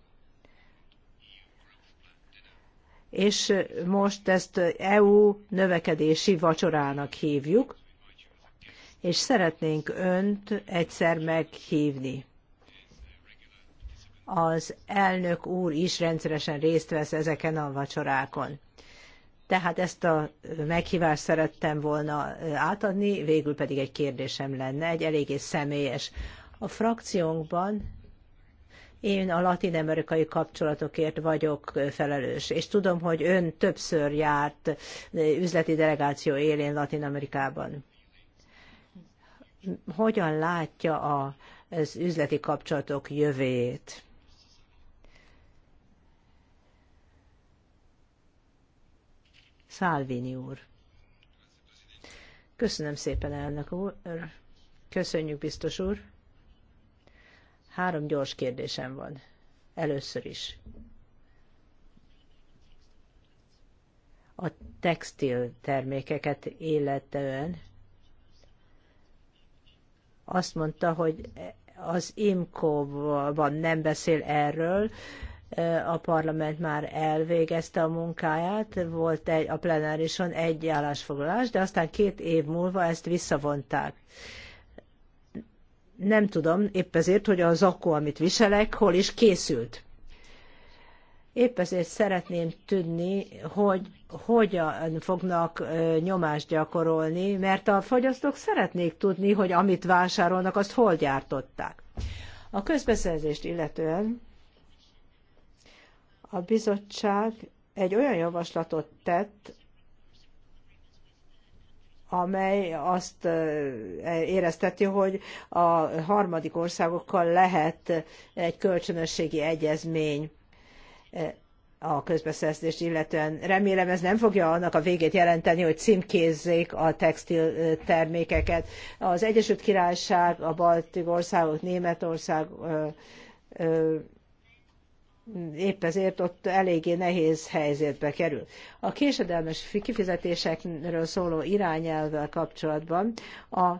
és most ezt EU növekedési vacsorának hívjuk, és szeretnénk önt egyszer meghívni. Az elnök úr is rendszeresen részt vesz ezeken a vacsorákon. Tehát ezt a meghívást szerettem volna átadni, végül pedig egy kérdésem lenne, egy eléggé személyes. A frakciónkban én a latin-amerikai kapcsolatokért vagyok felelős, és tudom, hogy ön többször járt üzleti delegáció élén Latin-Amerikában. Hogyan látja a, az üzleti kapcsolatok jövőjét? Szálvini úr. Köszönöm szépen, elnök úr. Köszönjük, biztos úr. Három gyors kérdésem van. Először is. A textil termékeket életően azt mondta, hogy az IMCO-ban nem beszél erről, a parlament már elvégezte a munkáját, volt egy, a plenárison egy állásfoglalás, de aztán két év múlva ezt visszavonták nem tudom épp ezért, hogy a zakó, amit viselek, hol is készült. Épp ezért szeretném tudni, hogy hogyan fognak nyomást gyakorolni, mert a fogyasztók szeretnék tudni, hogy amit vásárolnak, azt hol gyártották. A közbeszerzést illetően a bizottság egy olyan javaslatot tett, amely azt érezteti, hogy a harmadik országokkal lehet egy kölcsönösségi egyezmény a közbeszerzést illetően. Remélem ez nem fogja annak a végét jelenteni, hogy címkézzék a textil termékeket. Az Egyesült Királyság, a Balti országok, Németország, épp ezért ott eléggé nehéz helyzetbe kerül. A késedelmes kifizetésekről szóló irányelvvel kapcsolatban a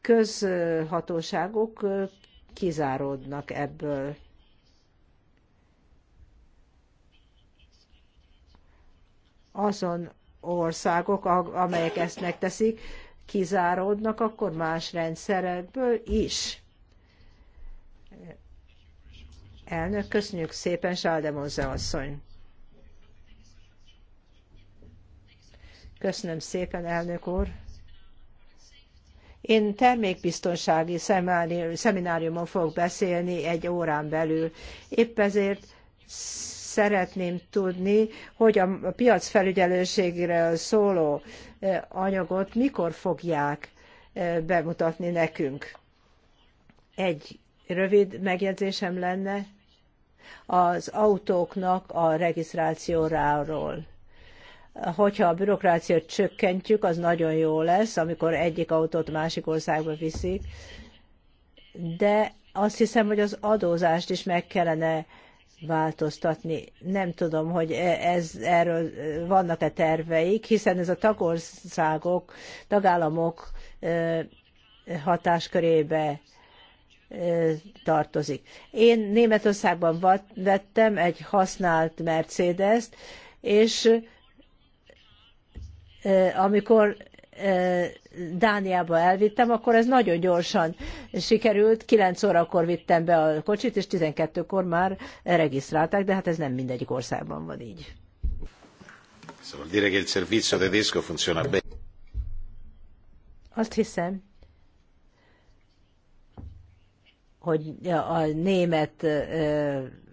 közhatóságok kizáródnak ebből. Azon országok, amelyek ezt megteszik, kizáródnak akkor más rendszerekből is Elnök, köszönjük szépen, Sáldemonze asszony. Köszönöm szépen, elnök úr. Én termékbiztonsági szemináriumon fogok beszélni egy órán belül. Épp ezért szeretném tudni, hogy a piacfelügyelőségre szóló eh, anyagot mikor fogják eh, bemutatni nekünk. Egy rövid megjegyzésem lenne az autóknak a regisztrációráról. Hogyha a bürokráciát csökkentjük, az nagyon jó lesz, amikor egyik autót másik országba viszik, de azt hiszem, hogy az adózást is meg kellene változtatni. Nem tudom, hogy e- ez, erről vannak-e terveik, hiszen ez a tagországok, tagállamok hatáskörébe tartozik. Én Németországban vettem egy használt Mercedes-t, és amikor Dániába elvittem, akkor ez nagyon gyorsan sikerült. 9 órakor vittem be a kocsit, és 12-kor már regisztrálták, de hát ez nem mindegyik országban van így. Azt hiszem, hogy a német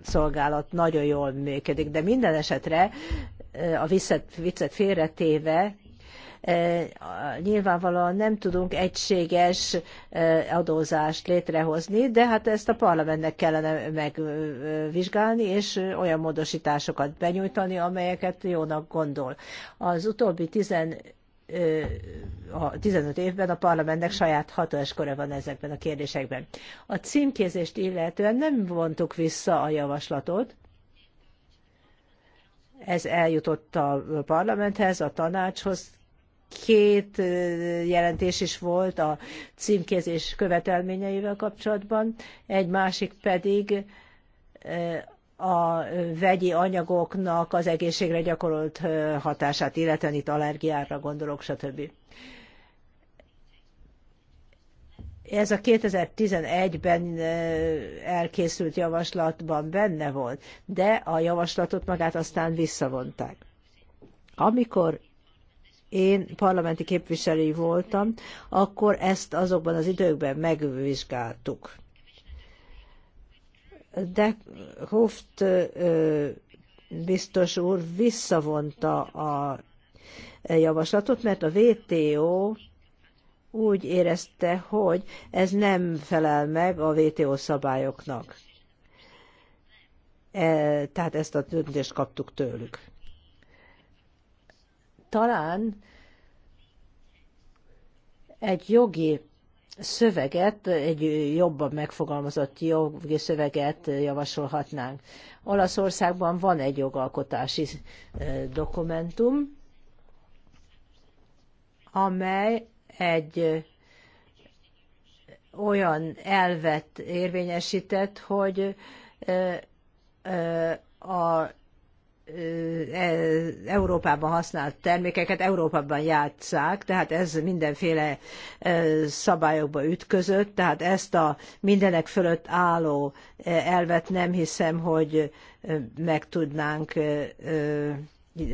szolgálat nagyon jól működik, de minden esetre a viccet, viccet félretéve nyilvánvalóan nem tudunk egységes adózást létrehozni, de hát ezt a parlamentnek kellene megvizsgálni, és olyan módosításokat benyújtani, amelyeket jónak gondol. Az utóbbi 15 a 15 évben a parlamentnek saját hatásköre van ezekben a kérdésekben. A címkézést illetően nem vontuk vissza a javaslatot, ez eljutott a parlamenthez, a tanácshoz, két jelentés is volt a címkézés követelményeivel kapcsolatban, egy másik pedig a vegyi anyagoknak az egészségre gyakorolt hatását, illetve itt allergiára gondolok, stb. Ez a 2011-ben elkészült javaslatban benne volt, de a javaslatot magát aztán visszavonták. Amikor én parlamenti képviselői voltam, akkor ezt azokban az időkben megvizsgáltuk de Hoft biztos úr visszavonta a javaslatot, mert a VTO úgy érezte, hogy ez nem felel meg a VTO szabályoknak. E, tehát ezt a döntést kaptuk tőlük. Talán egy jogi szöveget, egy jobban megfogalmazott jogi szöveget javasolhatnánk. Olaszországban van egy jogalkotási dokumentum, amely egy olyan elvet érvényesített, hogy a E, Európában használt termékeket Európában játszák, tehát ez mindenféle szabályokba ütközött, tehát ezt a mindenek fölött álló elvet nem hiszem, hogy meg tudnánk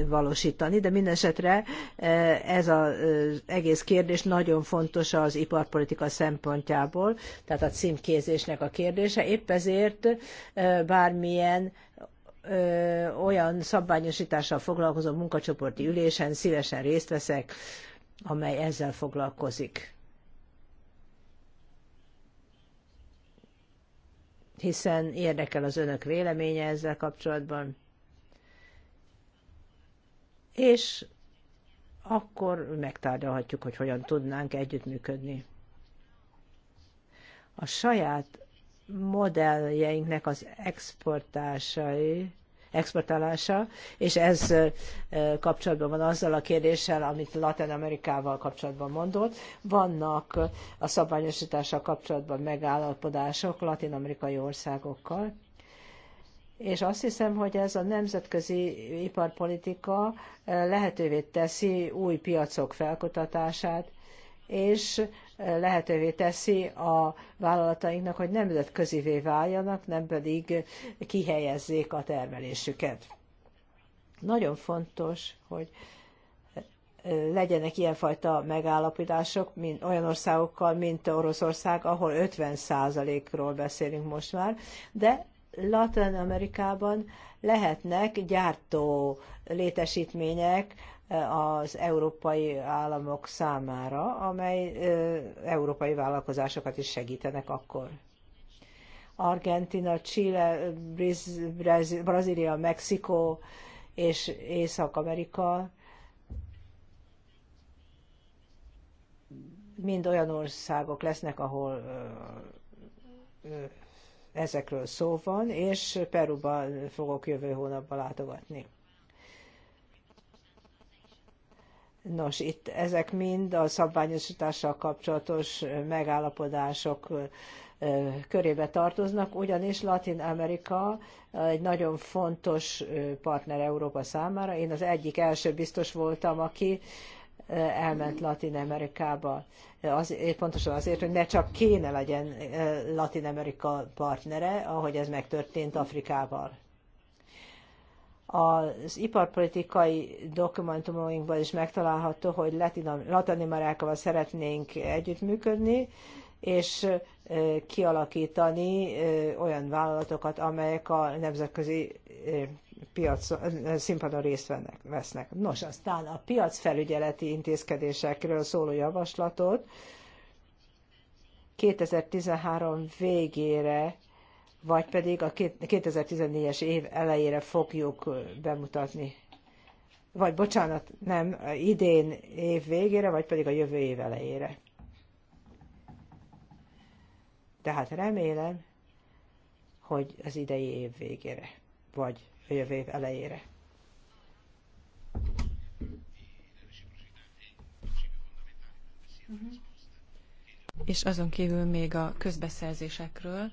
valósítani, de minden esetre ez az egész kérdés nagyon fontos az iparpolitika szempontjából, tehát a címkézésnek a kérdése. Épp ezért bármilyen olyan szabványosítással foglalkozó munkacsoporti ülésen szívesen részt veszek, amely ezzel foglalkozik. Hiszen érdekel az önök véleménye ezzel kapcsolatban. És akkor megtárgyalhatjuk, hogy hogyan tudnánk együttműködni. A saját modelljeinknek az exportásai exportálása, és ez kapcsolatban van azzal a kérdéssel, amit Latin Amerikával kapcsolatban mondott. Vannak a szabványosítással kapcsolatban megállapodások latin amerikai országokkal, és azt hiszem, hogy ez a nemzetközi iparpolitika lehetővé teszi új piacok felkutatását, és lehetővé teszi a vállalatainknak, hogy nemzetközivé váljanak, nem pedig kihelyezzék a termelésüket. Nagyon fontos, hogy legyenek ilyenfajta megállapodások mint olyan országokkal, mint Oroszország, ahol 50%-ról beszélünk most már, de Latin Amerikában lehetnek gyártó létesítmények, az európai államok számára, amely európai vállalkozásokat is segítenek akkor. Argentina, Chile, Brazília, Mexikó és Észak-Amerika mind olyan országok lesznek, ahol ezekről szó van, és Peruban fogok jövő hónapban látogatni. Nos, itt ezek mind a szabványosítással kapcsolatos megállapodások körébe tartoznak, ugyanis Latin Amerika egy nagyon fontos partner Európa számára. Én az egyik első biztos voltam, aki elment Latin Amerikába. Az, pontosan azért, hogy ne csak kéne legyen Latin Amerika partnere, ahogy ez megtörtént Afrikával az iparpolitikai dokumentumainkban is megtalálható, hogy Latin Amerikával szeretnénk együttműködni, és kialakítani olyan vállalatokat, amelyek a nemzetközi piac, színpadon részt vennek, vesznek. Nos, aztán a piacfelügyeleti intézkedésekről szóló javaslatot 2013 végére vagy pedig a 2014-es év elejére fogjuk bemutatni. Vagy bocsánat, nem, idén év végére, vagy pedig a jövő év elejére. Tehát remélem, hogy az idei év végére, vagy a jövő év elejére. És azon kívül még a közbeszerzésekről,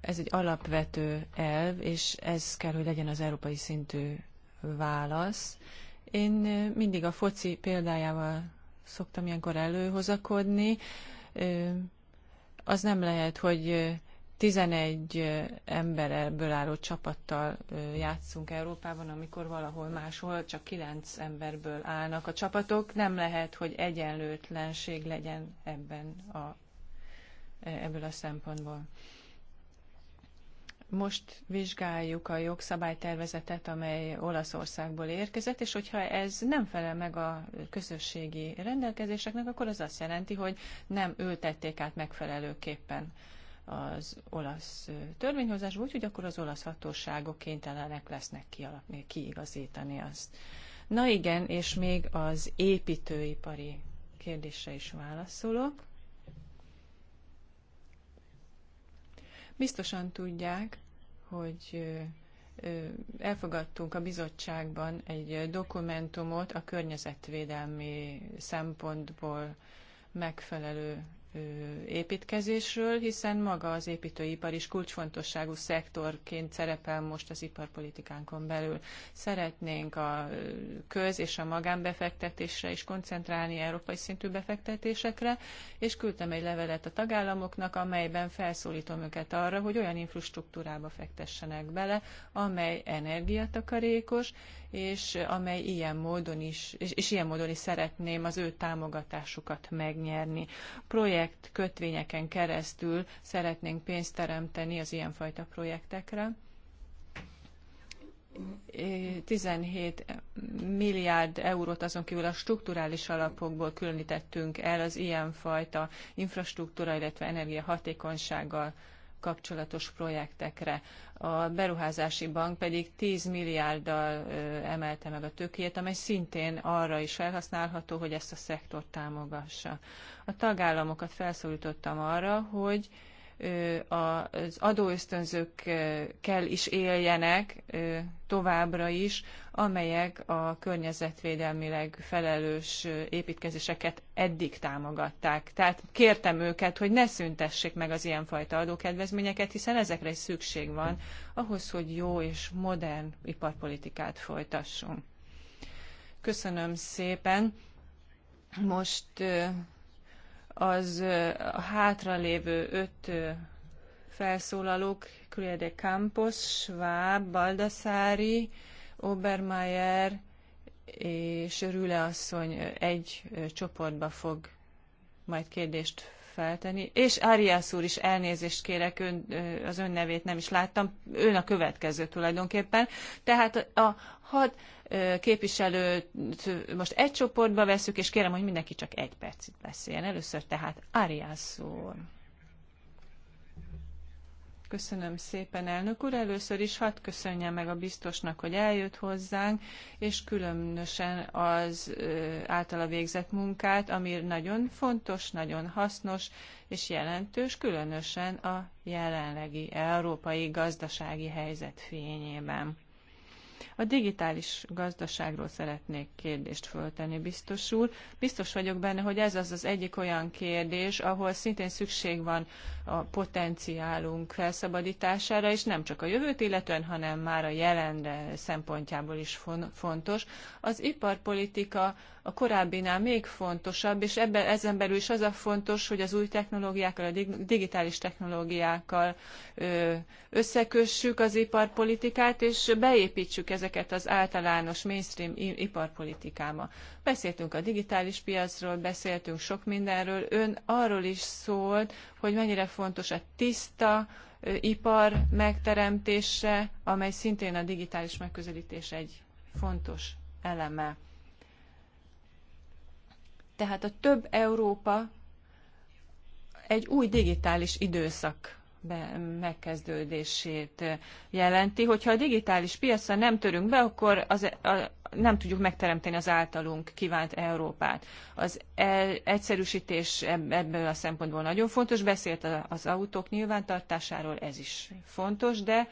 ez egy alapvető elv, és ez kell, hogy legyen az európai szintű válasz. Én mindig a foci példájával szoktam ilyenkor előhozakodni. Az nem lehet, hogy 11 emberből álló csapattal játszunk Európában, amikor valahol máshol csak 9 emberből állnak a csapatok. Nem lehet, hogy egyenlőtlenség legyen ebben a ebből a szempontból. Most vizsgáljuk a jogszabálytervezetet, amely Olaszországból érkezett, és hogyha ez nem felel meg a közösségi rendelkezéseknek, akkor az azt jelenti, hogy nem ültették át megfelelőképpen az olasz törvényhozás, úgyhogy akkor az olasz hatóságok kénytelenek lesznek kiigazítani azt. Na igen, és még az építőipari kérdésre is válaszolok. Biztosan tudják, hogy elfogadtunk a bizottságban egy dokumentumot a környezetvédelmi szempontból megfelelő építkezésről, hiszen maga az építőipar is kulcsfontosságú szektorként szerepel most az iparpolitikánkon belül. Szeretnénk a köz- és a magánbefektetésre is koncentrálni, európai szintű befektetésekre, és küldtem egy levelet a tagállamoknak, amelyben felszólítom őket arra, hogy olyan infrastruktúrába fektessenek bele, amely energiatakarékos, és amely ilyen módon is, és, és ilyen módon is szeretném az ő támogatásukat megnyerni. Projekt kötvényeken keresztül szeretnénk pénzt teremteni az ilyenfajta projektekre. 17 milliárd eurót azon kívül a strukturális alapokból különítettünk el az ilyenfajta infrastruktúra, illetve energiahatékonysággal kapcsolatos projektekre. A beruházási bank pedig 10 milliárddal emelte meg a tökélet, amely szintén arra is felhasználható, hogy ezt a szektort támogassa. A tagállamokat felszólítottam arra, hogy az adóösztönzőkkel is éljenek továbbra is, amelyek a környezetvédelmileg felelős építkezéseket eddig támogatták. Tehát kértem őket, hogy ne szüntessék meg az ilyenfajta adókedvezményeket, hiszen ezekre is szükség van ahhoz, hogy jó és modern iparpolitikát folytassunk. Köszönöm szépen. Most az a hátralévő öt felszólalók, Kriede Campos, Schwab, Baldassari, Obermeier és Rüle asszony egy csoportba fog majd kérdést feltenni. És Arias úr is elnézést kérek, ön, az ön nevét nem is láttam, ön a következő tulajdonképpen. Tehát a hat képviselőt most egy csoportba veszük, és kérem, hogy mindenki csak egy percig beszéljen. Először tehát Ariás, úr. Köszönöm szépen, elnök úr. Először is hadd köszönjem meg a biztosnak, hogy eljött hozzánk, és különösen az általa végzett munkát, ami nagyon fontos, nagyon hasznos és jelentős, különösen a jelenlegi európai gazdasági helyzet fényében. A digitális gazdaságról szeretnék kérdést föltenni, biztos úr. Biztos vagyok benne, hogy ez az az egyik olyan kérdés, ahol szintén szükség van a potenciálunk felszabadítására, és nem csak a jövőt illetően, hanem már a jelenre szempontjából is fontos. Az iparpolitika a korábbinál még fontosabb, és ebben, ezen belül is az a fontos, hogy az új technológiákkal, a digitális technológiákkal összekössük az iparpolitikát, és beépítsük ezeket az általános mainstream iparpolitikába. Beszéltünk a digitális piacról, beszéltünk sok mindenről. Ön arról is szólt, hogy mennyire fontos a tiszta, ipar megteremtése, amely szintén a digitális megközelítés egy fontos eleme. Tehát a több Európa egy új digitális időszak megkezdődését jelenti. Hogyha a digitális piacra nem törünk be, akkor az, a, nem tudjuk megteremteni az általunk kívánt Európát. Az el, egyszerűsítés ebből a szempontból nagyon fontos. Beszélt az autók nyilvántartásáról, ez is fontos, de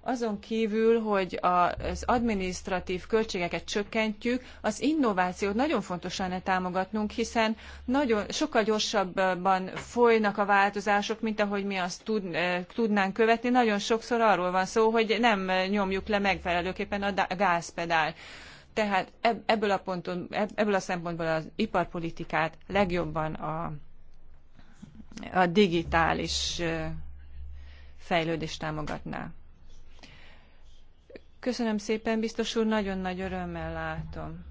azon kívül, hogy az administratív költségeket csökkentjük, az innovációt nagyon fontos lenne támogatnunk, hiszen nagyon, sokkal gyorsabban folynak a változások, mint ahogy mi azt tud, tudnánk követni. Nagyon sokszor arról van szó, hogy nem nyomjuk le megfelelőképpen a gázpedál. Tehát ebből a, ponton, ebből a szempontból az iparpolitikát legjobban a, a digitális fejlődést támogatná. Köszönöm szépen, biztos úr, nagyon nagy örömmel látom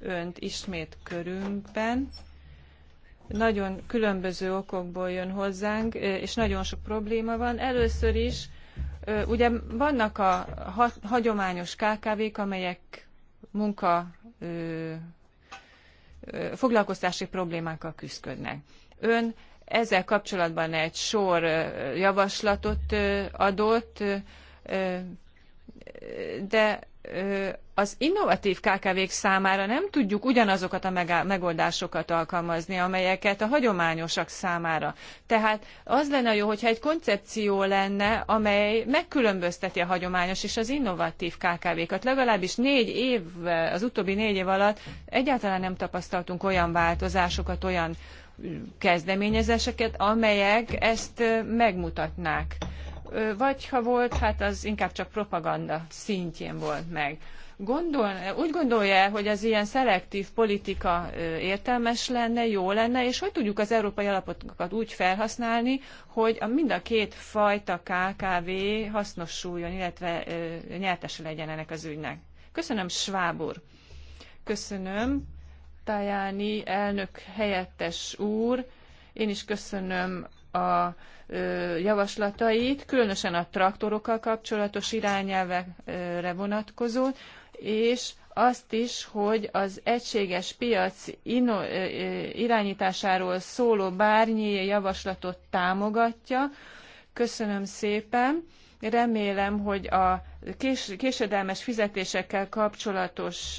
önt ismét körünkben. Nagyon különböző okokból jön hozzánk, és nagyon sok probléma van. Először is, ugye vannak a hagyományos KKV-k, amelyek munka foglalkoztási problémákkal küzdködnek. Ön ezzel kapcsolatban egy sor javaslatot adott, de az innovatív KKV-k számára nem tudjuk ugyanazokat a megoldásokat alkalmazni, amelyeket a hagyományosak számára. Tehát az lenne jó, hogyha egy koncepció lenne, amely megkülönbözteti a hagyományos és az innovatív KKV-kat. Legalábbis négy év, az utóbbi négy év alatt egyáltalán nem tapasztaltunk olyan változásokat, olyan kezdeményezéseket, amelyek ezt megmutatnák. Vagy ha volt, hát az inkább csak propaganda szintjén volt meg. Gondol, úgy gondolja, hogy az ilyen szelektív politika értelmes lenne, jó lenne, és hogy tudjuk az európai alapokat úgy felhasználni, hogy a mind a két fajta KKV hasznosuljon, illetve nyertese legyen ennek az ügynek. Köszönöm, Schwab úr. Köszönöm. Tajani elnök helyettes úr, én is köszönöm a javaslatait, különösen a traktorokkal kapcsolatos irányelvre vonatkozó, és azt is, hogy az egységes piac irányításáról szóló bárnyi javaslatot támogatja. Köszönöm szépen. Remélem, hogy a késedelmes fizetésekkel kapcsolatos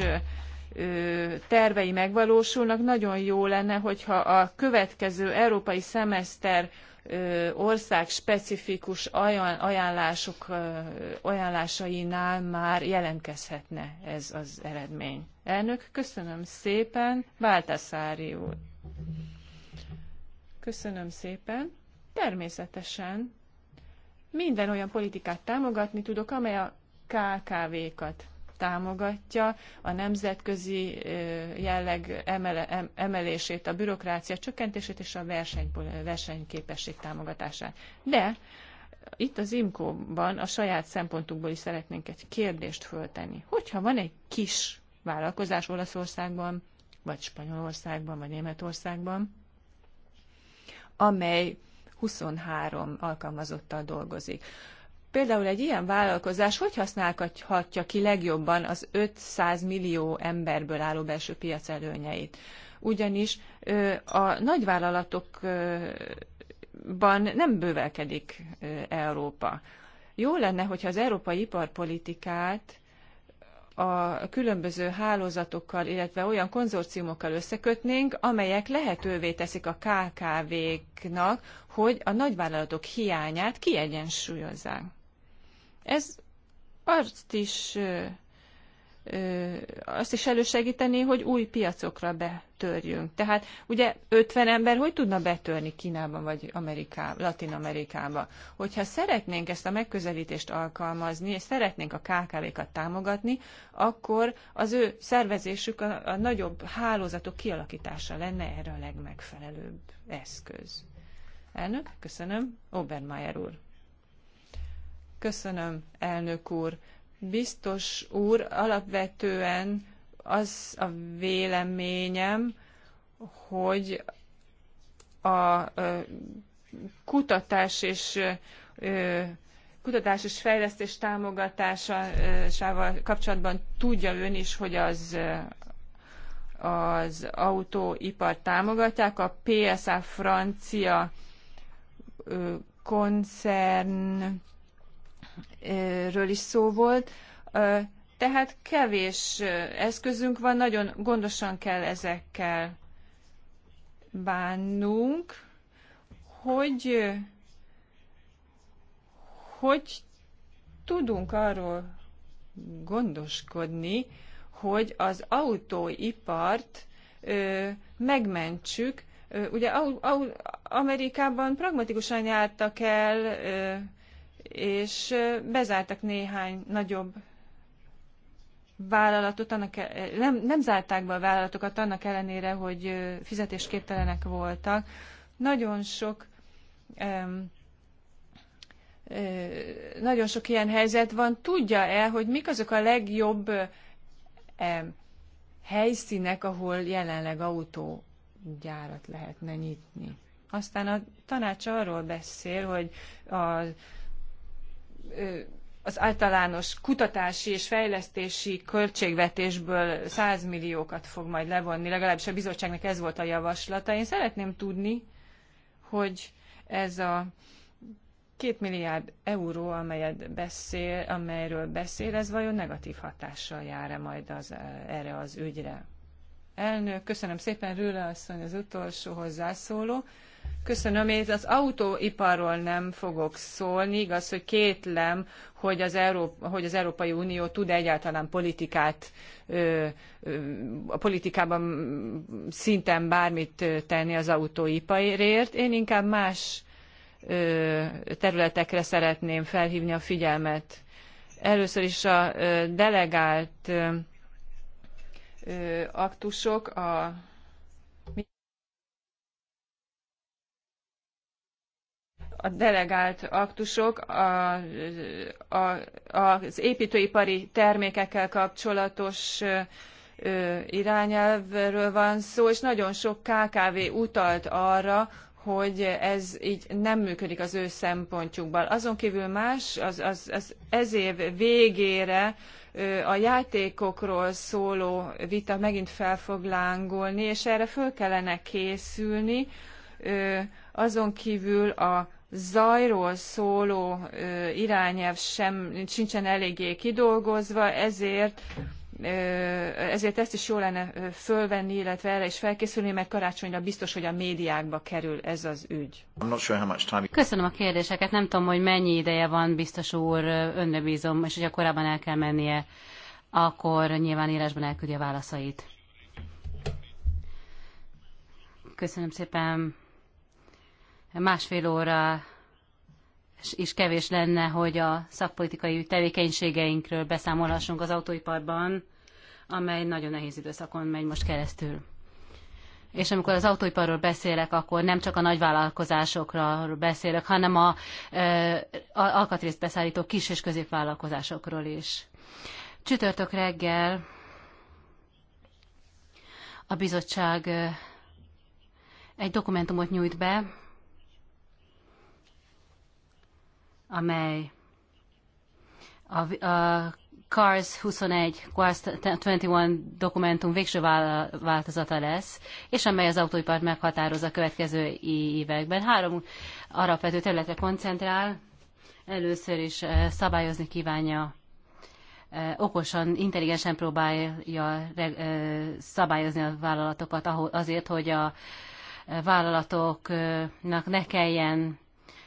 tervei megvalósulnak, nagyon jó lenne, hogyha a következő európai szemeszter ország specifikus ajánlások, ajánlásainál már jelentkezhetne ez az eredmény. Elnök, köszönöm szépen, Váltaszári úr. Köszönöm szépen. Természetesen minden olyan politikát támogatni tudok, amely a KKV-kat támogatja a nemzetközi jelleg emelését, a bürokrácia csökkentését és a verseny, versenyképesség támogatását. De itt az IMCO-ban a saját szempontunkból is szeretnénk egy kérdést föltenni. Hogyha van egy kis vállalkozás Olaszországban, vagy Spanyolországban, vagy Németországban, amely 23 alkalmazottal dolgozik például egy ilyen vállalkozás hogy használhatja ki legjobban az 500 millió emberből álló belső piac előnyeit? Ugyanis a nagyvállalatokban nem bővelkedik Európa. Jó lenne, hogyha az európai iparpolitikát a különböző hálózatokkal, illetve olyan konzorciumokkal összekötnénk, amelyek lehetővé teszik a KKV-knak, hogy a nagyvállalatok hiányát kiegyensúlyozzák. Ez azt is azt is elősegíteni, hogy új piacokra betörjünk. Tehát ugye 50 ember hogy tudna betörni Kínában vagy Ameriká, Latin Amerikába? Hogyha szeretnénk ezt a megközelítést alkalmazni, és szeretnénk a KKV-kat támogatni, akkor az ő szervezésük a, a nagyobb hálózatok kialakítása lenne erre a legmegfelelőbb eszköz. Elnök, köszönöm. Obermeyer úr. Köszönöm, elnök úr. Biztos úr, alapvetően az a véleményem, hogy a kutatás és kutatás és fejlesztés támogatásával kapcsolatban tudja ön is, hogy az az autóipar támogatják. A PSA francia koncern ről is szó volt. Tehát kevés eszközünk van, nagyon gondosan kell ezekkel bánnunk, hogy, hogy tudunk arról gondoskodni, hogy az autóipart ö, megmentsük. Ö, ugye au, au, Amerikában pragmatikusan jártak el ö, és bezártak néhány nagyobb vállalatot, annak, e-, nem, nem zárták be a vállalatokat annak ellenére, hogy fizetésképtelenek voltak. Nagyon sok um, nagyon sok ilyen helyzet van. Tudja el, hogy mik azok a legjobb helyszínek, ahol jelenleg autógyárat lehetne nyitni. Aztán a tanács arról beszél, hogy a az általános kutatási és fejlesztési költségvetésből 100 milliókat fog majd levonni, legalábbis a bizottságnak ez volt a javaslata. Én szeretném tudni, hogy ez a két milliárd euró, amelyet beszél, amelyről beszél, ez vajon negatív hatással jár-e majd az, erre az ügyre? Elnök, köszönöm szépen, Rőle asszony az utolsó hozzászóló. Köszönöm, én az autóiparról nem fogok szólni, igaz, hogy kétlem, hogy az, Európa, hogy az Európai Unió tud egyáltalán politikát, a politikában szinten bármit tenni az autóiparért. Én inkább más területekre szeretném felhívni a figyelmet. Először is a delegált aktusok, a a delegált aktusok a, a, az építőipari termékekkel kapcsolatos irányelvről van szó, és nagyon sok KKV utalt arra, hogy ez így nem működik az ő szempontjukban. Azon kívül más, az, az, az ez év végére a játékokról szóló vita megint fel fog lángolni, és erre föl kellene készülni. Azon kívül a zajról szóló irányelv sem, sincsen eléggé kidolgozva, ezért ezért ezt is jó lenne fölvenni, illetve erre is felkészülni, mert karácsonyra biztos, hogy a médiákba kerül ez az ügy. Köszönöm a kérdéseket, nem tudom, hogy mennyi ideje van, biztos úr, önre bízom, és hogyha korábban el kell mennie, akkor nyilván írásban elküldi a válaszait. Köszönöm szépen másfél óra is kevés lenne, hogy a szakpolitikai tevékenységeinkről beszámolhassunk az autóiparban, amely nagyon nehéz időszakon megy most keresztül. És amikor az autóiparról beszélek, akkor nem csak a nagyvállalkozásokról beszélek, hanem a, a alkatrészt beszállító kis és középvállalkozásokról is. Csütörtök reggel a bizottság egy dokumentumot nyújt be, amely a, a CARS 21, CARS 21 dokumentum végső változata lesz, és amely az autóipart meghatározza a következő években. Három arapvető területre koncentrál. Először is eh, szabályozni kívánja, eh, okosan, intelligensen próbálja eh, szabályozni a vállalatokat azért, hogy a vállalatoknak ne kelljen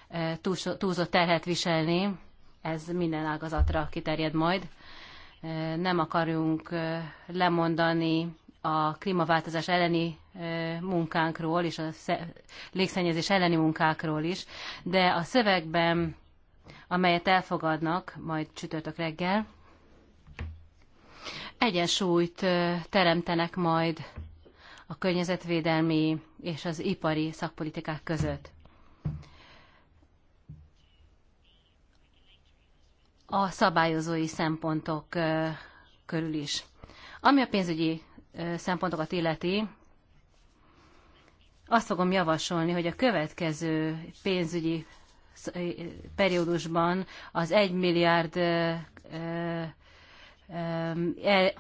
E, túlzott terhet viselni, ez minden ágazatra kiterjed majd. E, nem akarunk e, lemondani a klímaváltozás elleni munkánkról és a légszennyezés elleni munkákról is, de a szövegben, amelyet elfogadnak majd csütörtök reggel, egyensúlyt teremtenek majd a környezetvédelmi és az ipari szakpolitikák között. a szabályozói szempontok körül is. Ami a pénzügyi szempontokat illeti, azt fogom javasolni, hogy a következő pénzügyi periódusban az 1 milliárd e, e,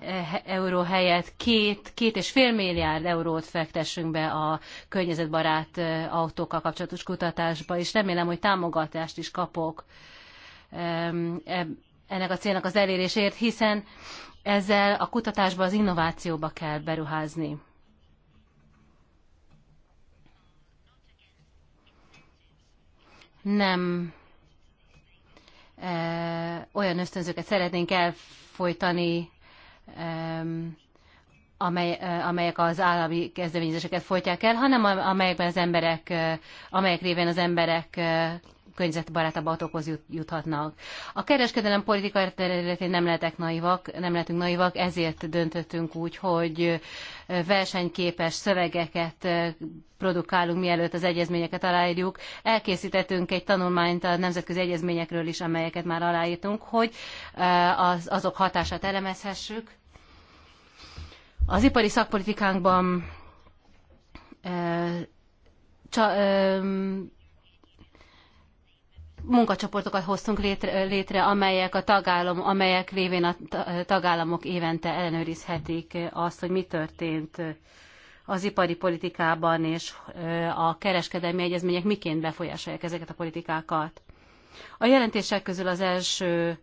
euró helyett két, két és fél milliárd eurót fektessünk be a környezetbarát autókkal kapcsolatos kutatásba, és remélem, hogy támogatást is kapok ennek a célnak az elérésért, hiszen ezzel a kutatásba, az innovációba kell beruházni. Nem e, olyan ösztönzőket szeretnénk elfolytani, amely, e, amelyek az állami kezdeményezéseket folytják el, hanem amelyekben az emberek, e, amelyek révén az emberek környezetbarátabb autókhoz jut, juthatnak. A kereskedelem politika területén nem, lehetek naivak, nem lehetünk naivak, ezért döntöttünk úgy, hogy versenyképes szövegeket produkálunk, mielőtt az egyezményeket aláírjuk. Elkészítettünk egy tanulmányt a nemzetközi egyezményekről is, amelyeket már aláírtunk, hogy az, azok hatását elemezhessük. Az ipari szakpolitikánkban munkacsoportokat hoztunk létre, létre, amelyek a tagállam, amelyek révén a tagállamok évente ellenőrizhetik azt, hogy mi történt az ipari politikában, és a kereskedelmi egyezmények miként befolyásolják ezeket a politikákat. A jelentések közül az első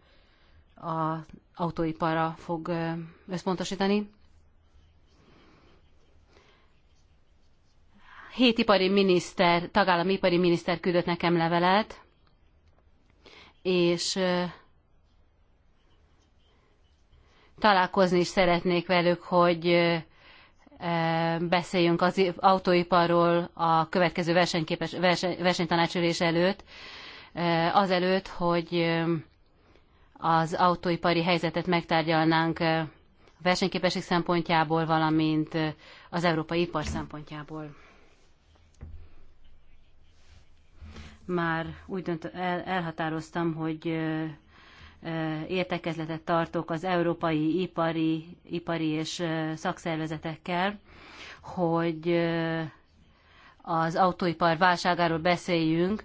az autóiparra fog összpontosítani. Hét ipari miniszter, tagállami ipari miniszter küldött nekem levelet, és találkozni is szeretnék velük, hogy beszéljünk az autóiparról a következő versenyképes, verseny, versenytanácsülés előtt, azelőtt, hogy az autóipari helyzetet megtárgyalnánk a versenyképesség szempontjából, valamint az európai ipar szempontjából. már úgy dönt, el, elhatároztam, hogy értekezletet tartok az európai ipari, ipari és szakszervezetekkel, hogy az autóipar válságáról beszéljünk.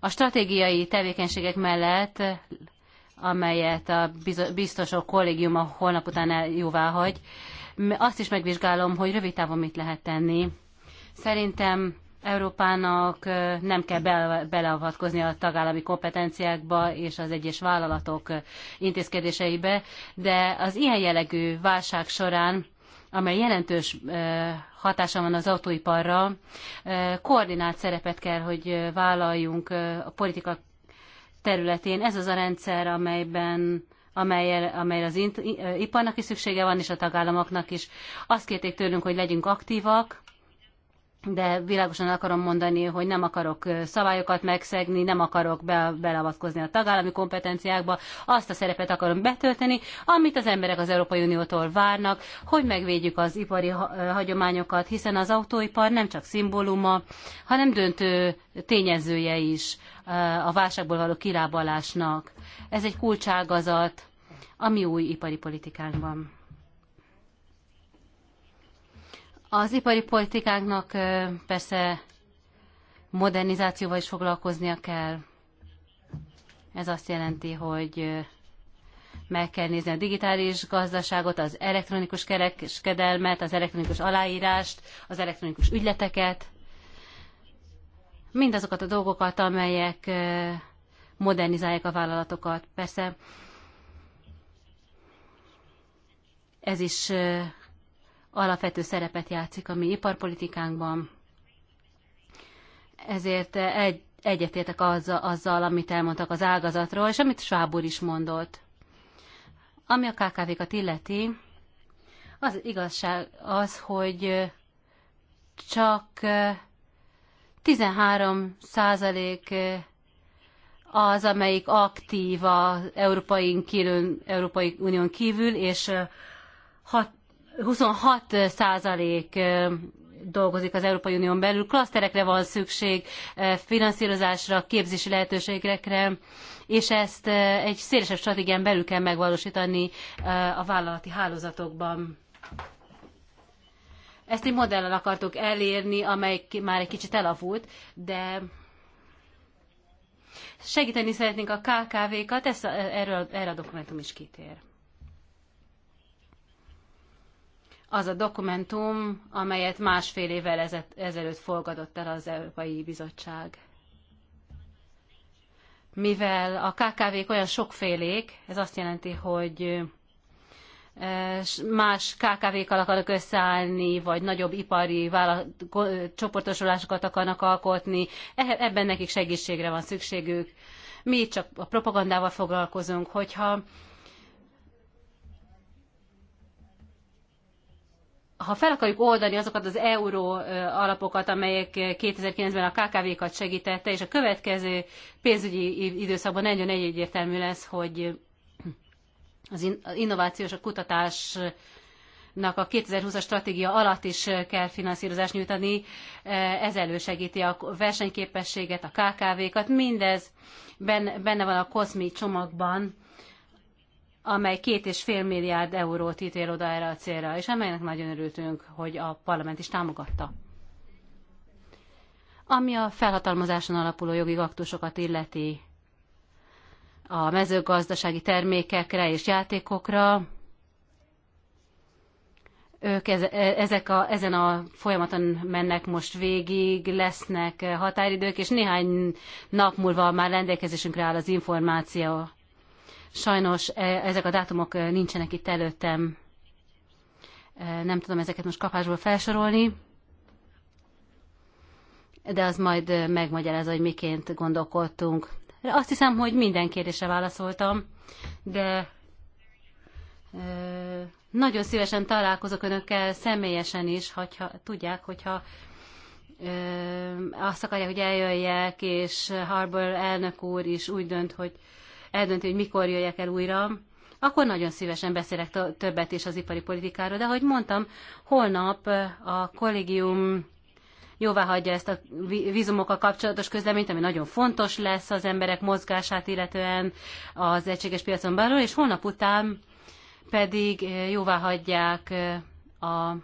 A stratégiai tevékenységek mellett, amelyet a biztosok kollégiuma holnap után jóvá hagy, azt is megvizsgálom, hogy rövid távon mit lehet tenni. Szerintem Európának nem kell beleavatkozni a tagállami kompetenciákba és az egyes vállalatok intézkedéseibe, de az ilyen jellegű válság során, amely jelentős hatása van az autóiparra, koordinált szerepet kell, hogy vállaljunk a politika területén. Ez az a rendszer, amelyben amely, amely az iparnak is szüksége van, és a tagállamoknak is. Azt kérték tőlünk, hogy legyünk aktívak, de világosan akarom mondani, hogy nem akarok szabályokat megszegni, nem akarok be, beleavatkozni a tagállami kompetenciákba, azt a szerepet akarom betölteni, amit az emberek az Európai Uniótól várnak, hogy megvédjük az ipari hagyományokat, hiszen az autóipar nem csak szimbóluma, hanem döntő tényezője is a válságból való kilábalásnak. Ez egy kulcságazat a mi új ipari politikánkban. Az ipari politikánknak persze modernizációval is foglalkoznia kell. Ez azt jelenti, hogy meg kell nézni a digitális gazdaságot, az elektronikus kereskedelmet, az elektronikus aláírást, az elektronikus ügyleteket, mindazokat a dolgokat, amelyek modernizálják a vállalatokat. Persze ez is alapvető szerepet játszik a mi iparpolitikánkban. Ezért egy, egyetértek azzal, azzal, amit elmondtak az ágazatról, és amit Sábor is mondott. Ami a KKV-kat illeti, az igazság az, hogy csak 13 százalék az, amelyik aktív az Európai, kívül, Európai Unión kívül, és 6, 26 százalék dolgozik az Európai Unión belül. Klaszterekre van szükség, finanszírozásra, képzési lehetőségekre, és ezt egy szélesebb stratégián belül kell megvalósítani a vállalati hálózatokban. Ezt egy modellel akartuk elérni, amely már egy kicsit elavult, de segíteni szeretnénk a KKV-kat, erről, erre a dokumentum is kitér. az a dokumentum, amelyet másfél évvel ezelőtt fogadott el az Európai Bizottság. Mivel a KKV-k olyan sokfélék, ez azt jelenti, hogy más KKV-kkal akarnak összeállni, vagy nagyobb ipari csoportosulásokat akarnak alkotni, e-, ebben nekik segítségre van szükségük. Mi csak a propagandával foglalkozunk, hogyha ha fel akarjuk oldani azokat az euró alapokat, amelyek 2009-ben a KKV-kat segítette, és a következő pénzügyi időszakban nagyon egyértelmű lesz, hogy az innovációs a kutatás a 2020-as stratégia alatt is kell finanszírozást nyújtani, ez elősegíti a versenyképességet, a KKV-kat, mindez benne van a COSMI csomagban, amely két és fél milliárd eurót ítél oda erre a célra, és amelynek nagyon örültünk, hogy a parlament is támogatta. Ami a felhatalmazáson alapuló jogi aktusokat illeti, a mezőgazdasági termékekre és játékokra, ők e-, ezek a, ezen a folyamaton mennek most végig, lesznek határidők, és néhány nap múlva már rendelkezésünkre áll az információ Sajnos e, ezek a dátumok e, nincsenek itt előttem. E, nem tudom ezeket most kapásból felsorolni, de az majd megmagyaráz, hogy miként gondolkodtunk. Azt hiszem, hogy minden kérdésre válaszoltam, de nagyon szívesen találkozok önökkel személyesen is, hogyha tudják, hogyha azt akarják, hogy eljöjjek, és Harbour elnök úr is úgy dönt, hogy eldönti, hogy mikor jöjjek el újra, akkor nagyon szívesen beszélek többet is az ipari politikáról. De ahogy mondtam, holnap eh, a kollégium jóváhagyja ezt a vízumokkal kapcsolatos közleményt, ami nagyon fontos lesz az emberek mozgását illetően az egységes piacon belül, és holnap után pedig eh, jóváhagyják eh, a,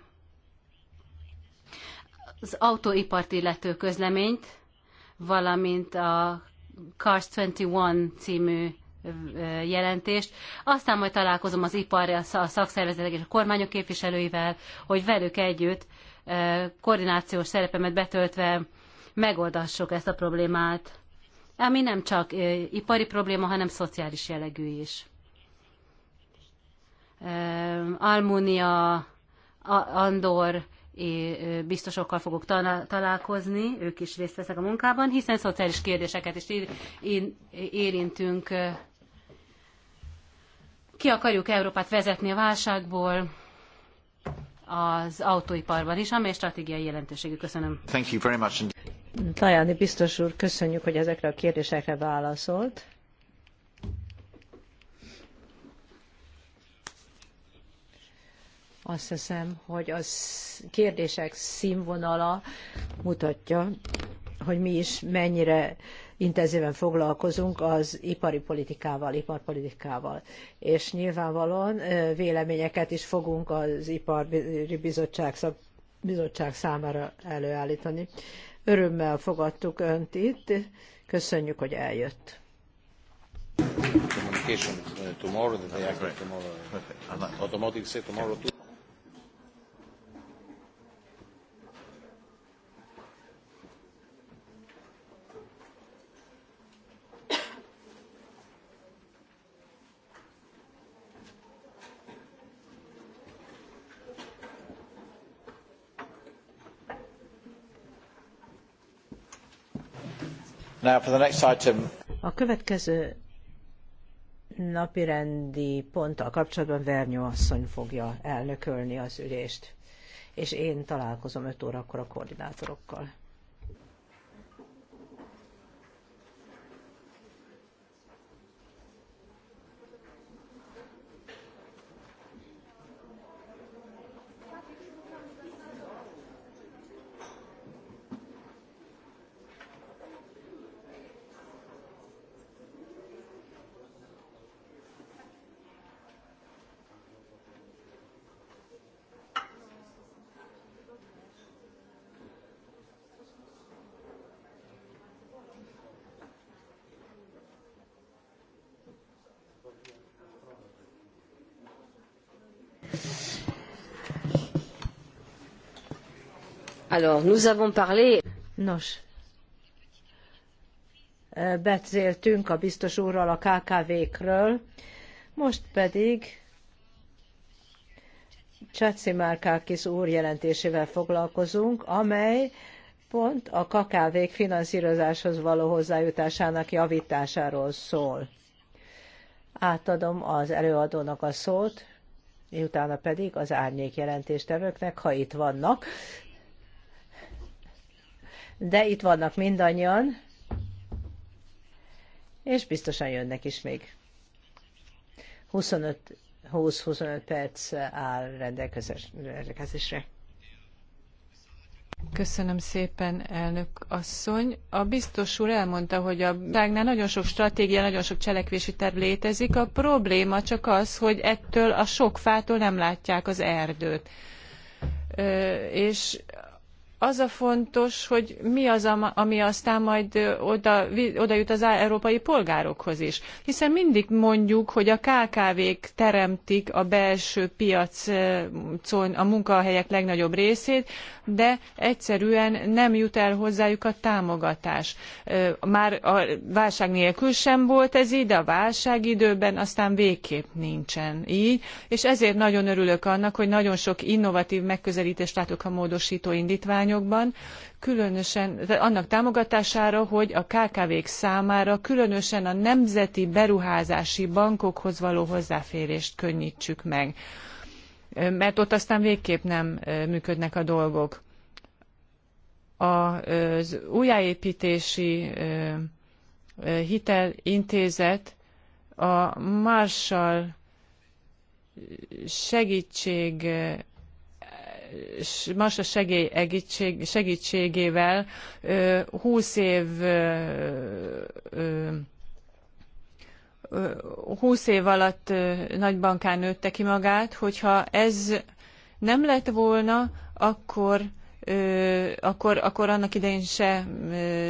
az autóipart illető közleményt, valamint a Cars 21 című jelentést. Aztán majd találkozom az ipar, a szakszervezetek és a kormányok képviselőivel, hogy velük együtt koordinációs szerepemet betöltve megoldassuk ezt a problémát, ami nem csak ipari probléma, hanem szociális jellegű is. Almunia, Andor biztosokkal fogok találkozni, ők is részt veszek a munkában, hiszen szociális kérdéseket is érintünk. Ki akarjuk Európát vezetni a válságból, az autóiparban is, amely stratégiai jelentőségű. Köszönöm. Thank you very much. Tajani biztos úr, köszönjük, hogy ezekre a kérdésekre válaszolt. Azt hiszem, hogy a kérdések színvonala mutatja, hogy mi is mennyire intenzíven foglalkozunk az ipari politikával, iparpolitikával. És nyilvánvalóan véleményeket is fogunk az Ipari Bizottság, bizottság számára előállítani. Örömmel fogadtuk Önt itt, köszönjük, hogy eljött. Communication uh, tomorrow, the day after tomorrow. Automatic say tomorrow too. Now for the next item. A következő napirendi ponttal kapcsolatban Vernyó asszony fogja elnökölni az ülést, és én találkozom 5 órakor a koordinátorokkal. Alors, nous avons parlé... Nos, beszéltünk a biztos úrral a KKV-kről, most pedig Csaci Márkákis úr jelentésével foglalkozunk, amely pont a KKV-k finanszírozáshoz való hozzájutásának javításáról szól. Átadom az előadónak a szót, utána pedig az árnyék jelentéstevőknek, ha itt vannak, de itt vannak mindannyian, és biztosan jönnek is még. 25 20-25 perc áll rendelkezésre. Köszönöm szépen, elnök asszony. A biztos úr elmondta, hogy a világnál nagyon sok stratégia, nagyon sok cselekvési terv létezik. A probléma csak az, hogy ettől a sok fától nem látják az erdőt. és az a fontos, hogy mi az, ami aztán majd oda, oda jut az európai polgárokhoz is. Hiszen mindig mondjuk, hogy a KKV-k teremtik a belső piacon a munkahelyek legnagyobb részét, de egyszerűen nem jut el hozzájuk a támogatás. Már a válság nélkül sem volt ez így, de a válság időben aztán végképp nincsen így, és ezért nagyon örülök annak, hogy nagyon sok innovatív megközelítést látok a módosító indítvány kormányokban, különösen annak támogatására, hogy a KKV-k számára különösen a nemzeti beruházási bankokhoz való hozzáférést könnyítsük meg. Mert ott aztán végképp nem működnek a dolgok. Az újjáépítési hitelintézet a Marshall segítség masa segély egítség, segítségével 20 év 20 év alatt nagybankán nőtte ki magát, hogyha ez nem lett volna, akkor akkor, akkor annak idején se,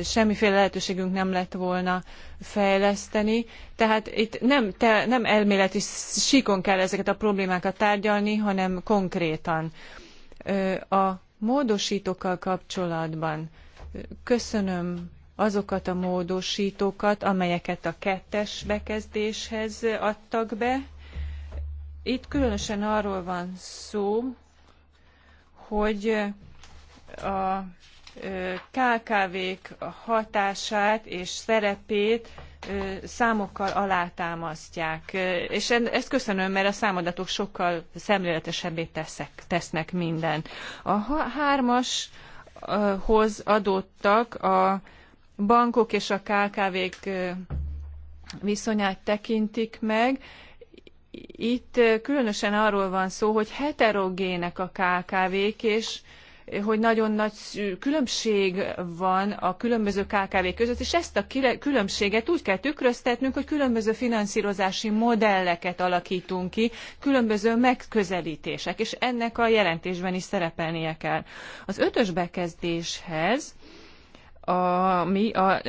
semmiféle lehetőségünk nem lett volna fejleszteni. Tehát itt nem, te, nem elméleti síkon kell ezeket a problémákat tárgyalni, hanem konkrétan. A módosítókkal kapcsolatban köszönöm azokat a módosítókat, amelyeket a kettes bekezdéshez adtak be. Itt különösen arról van szó, hogy a KKV-k hatását és szerepét számokkal alátámasztják. És ezt köszönöm, mert a számadatok sokkal szemléletesebbé teszek, tesznek minden. A hármashoz adottak a bankok és a KKV-k viszonyát tekintik meg. Itt különösen arról van szó, hogy heterogének a KKV-k, és hogy nagyon nagy különbség van a különböző KKV között, és ezt a különbséget úgy kell tükröztetnünk, hogy különböző finanszírozási modelleket alakítunk ki, különböző megközelítések, és ennek a jelentésben is szerepelnie kell. Az ötös bekezdéshez ami a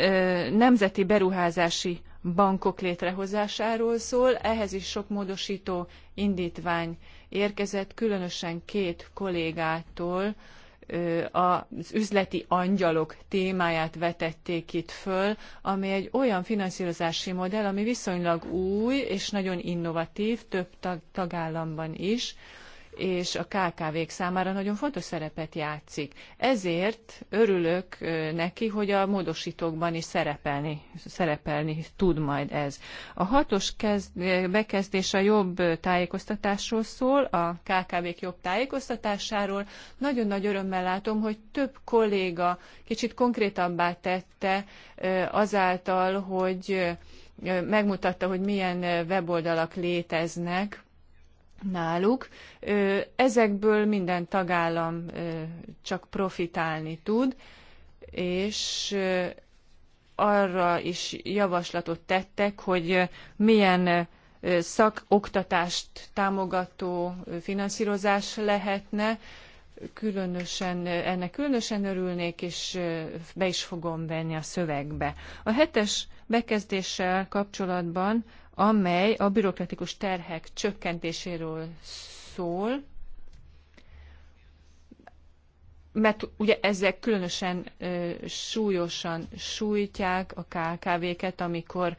Nemzeti Beruházási Bankok létrehozásáról szól. Ehhez is sok módosító indítvány érkezett, különösen két kollégától, az üzleti angyalok témáját vetették itt föl, ami egy olyan finanszírozási modell, ami viszonylag új és nagyon innovatív több tagállamban is, és a KKV-k számára nagyon fontos szerepet játszik. Ezért örülök neki, hogy a módosítókban is szerepelni, szerepelni tud majd ez. A hatos kezd, bekezdés a jobb tájékoztatásról szól, a KKV-k jobb tájékoztatásáról. Nagyon nagy örömmel látom, hogy több kolléga kicsit konkrétabbá tette azáltal, hogy megmutatta, hogy milyen weboldalak léteznek, náluk. Ezekből minden tagállam csak profitálni tud, és arra is javaslatot tettek, hogy milyen szakoktatást támogató finanszírozás lehetne. Különösen, ennek különösen örülnék, és be is fogom venni a szövegbe. A hetes bekezdéssel kapcsolatban amely a bürokratikus terhek csökkentéséről szól, mert ugye ezek különösen ö, súlyosan sújtják a KKV-ket, amikor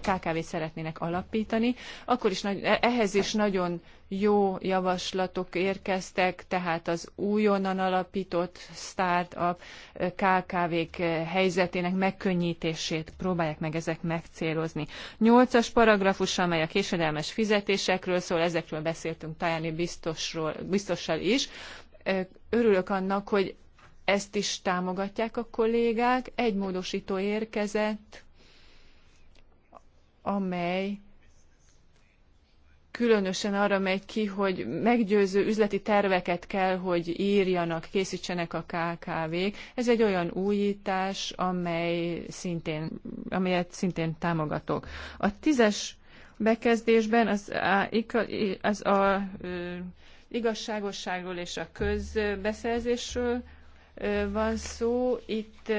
kkv szeretnének alapítani. Akkor is nagy, e-, ehhez is nagyon jó javaslatok érkeztek, tehát az újonnan alapított startup KKV-k helyzetének megkönnyítését próbálják meg ezek megcélozni. Nyolcas paragrafus, amely a késedelmes fizetésekről szól, ezekről beszéltünk Tajani biztosról, biztossal is. Örülök annak, hogy ezt is támogatják a kollégák. Egy módosító érkezett, amely különösen arra megy ki, hogy meggyőző üzleti terveket kell, hogy írjanak, készítsenek a KKV-k. Ez egy olyan újítás, amely szintén, amelyet szintén támogatok. A tízes bekezdésben az, az a, az a igazságosságról és a közbeszerzésről van szó. Itt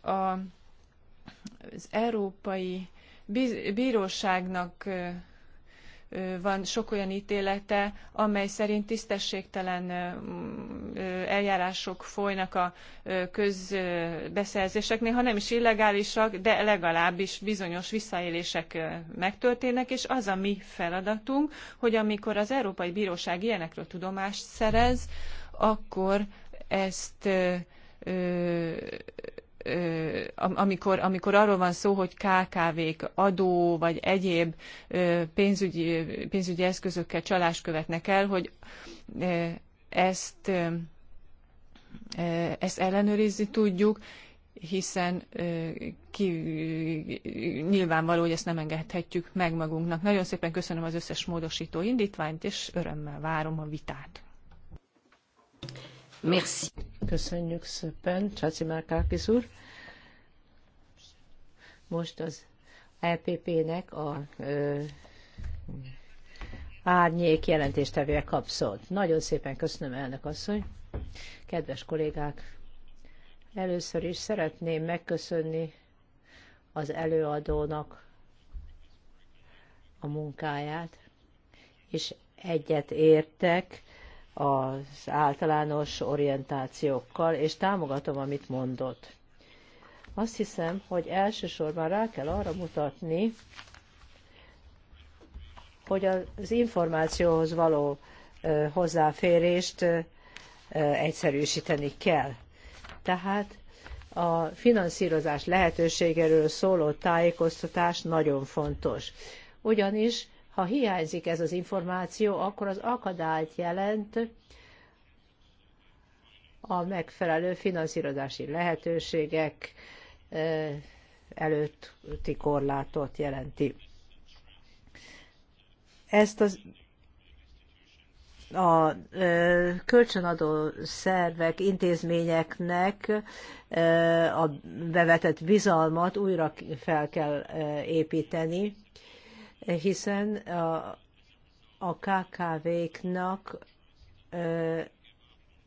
az Európai Bíróságnak van sok olyan ítélete, amely szerint tisztességtelen eljárások folynak a közbeszerzéseknél, ha nem is illegálisak, de legalábbis bizonyos visszaélések megtörténnek, és az a mi feladatunk, hogy amikor az Európai Bíróság ilyenekről tudomást szerez, akkor ezt amikor, amikor arról van szó, hogy KKV-k adó vagy egyéb pénzügyi, pénzügyi eszközökkel csalást követnek el, hogy ezt, ezt ellenőrizni tudjuk, hiszen ki, nyilvánvaló, hogy ezt nem engedhetjük meg magunknak. Nagyon szépen köszönöm az összes módosító indítványt, és örömmel várom a vitát. Merci. Köszönjük szépen, Csaci Márkákis úr. Most az LPP-nek e a ö, árnyék jelentéstevője kap szót. Nagyon szépen köszönöm, elnök asszony. Kedves kollégák, először is szeretném megköszönni az előadónak a munkáját, és egyet értek az általános orientációkkal, és támogatom, amit mondott. Azt hiszem, hogy elsősorban rá kell arra mutatni, hogy az információhoz való hozzáférést egyszerűsíteni kell. Tehát a finanszírozás lehetőségéről szóló tájékoztatás nagyon fontos. Ugyanis ha hiányzik ez az információ, akkor az akadályt jelent a megfelelő finanszírozási lehetőségek előtti korlátot jelenti. Ezt az a kölcsönadó szervek, intézményeknek a bevetett bizalmat újra fel kell építeni, hiszen a, a KKV-knak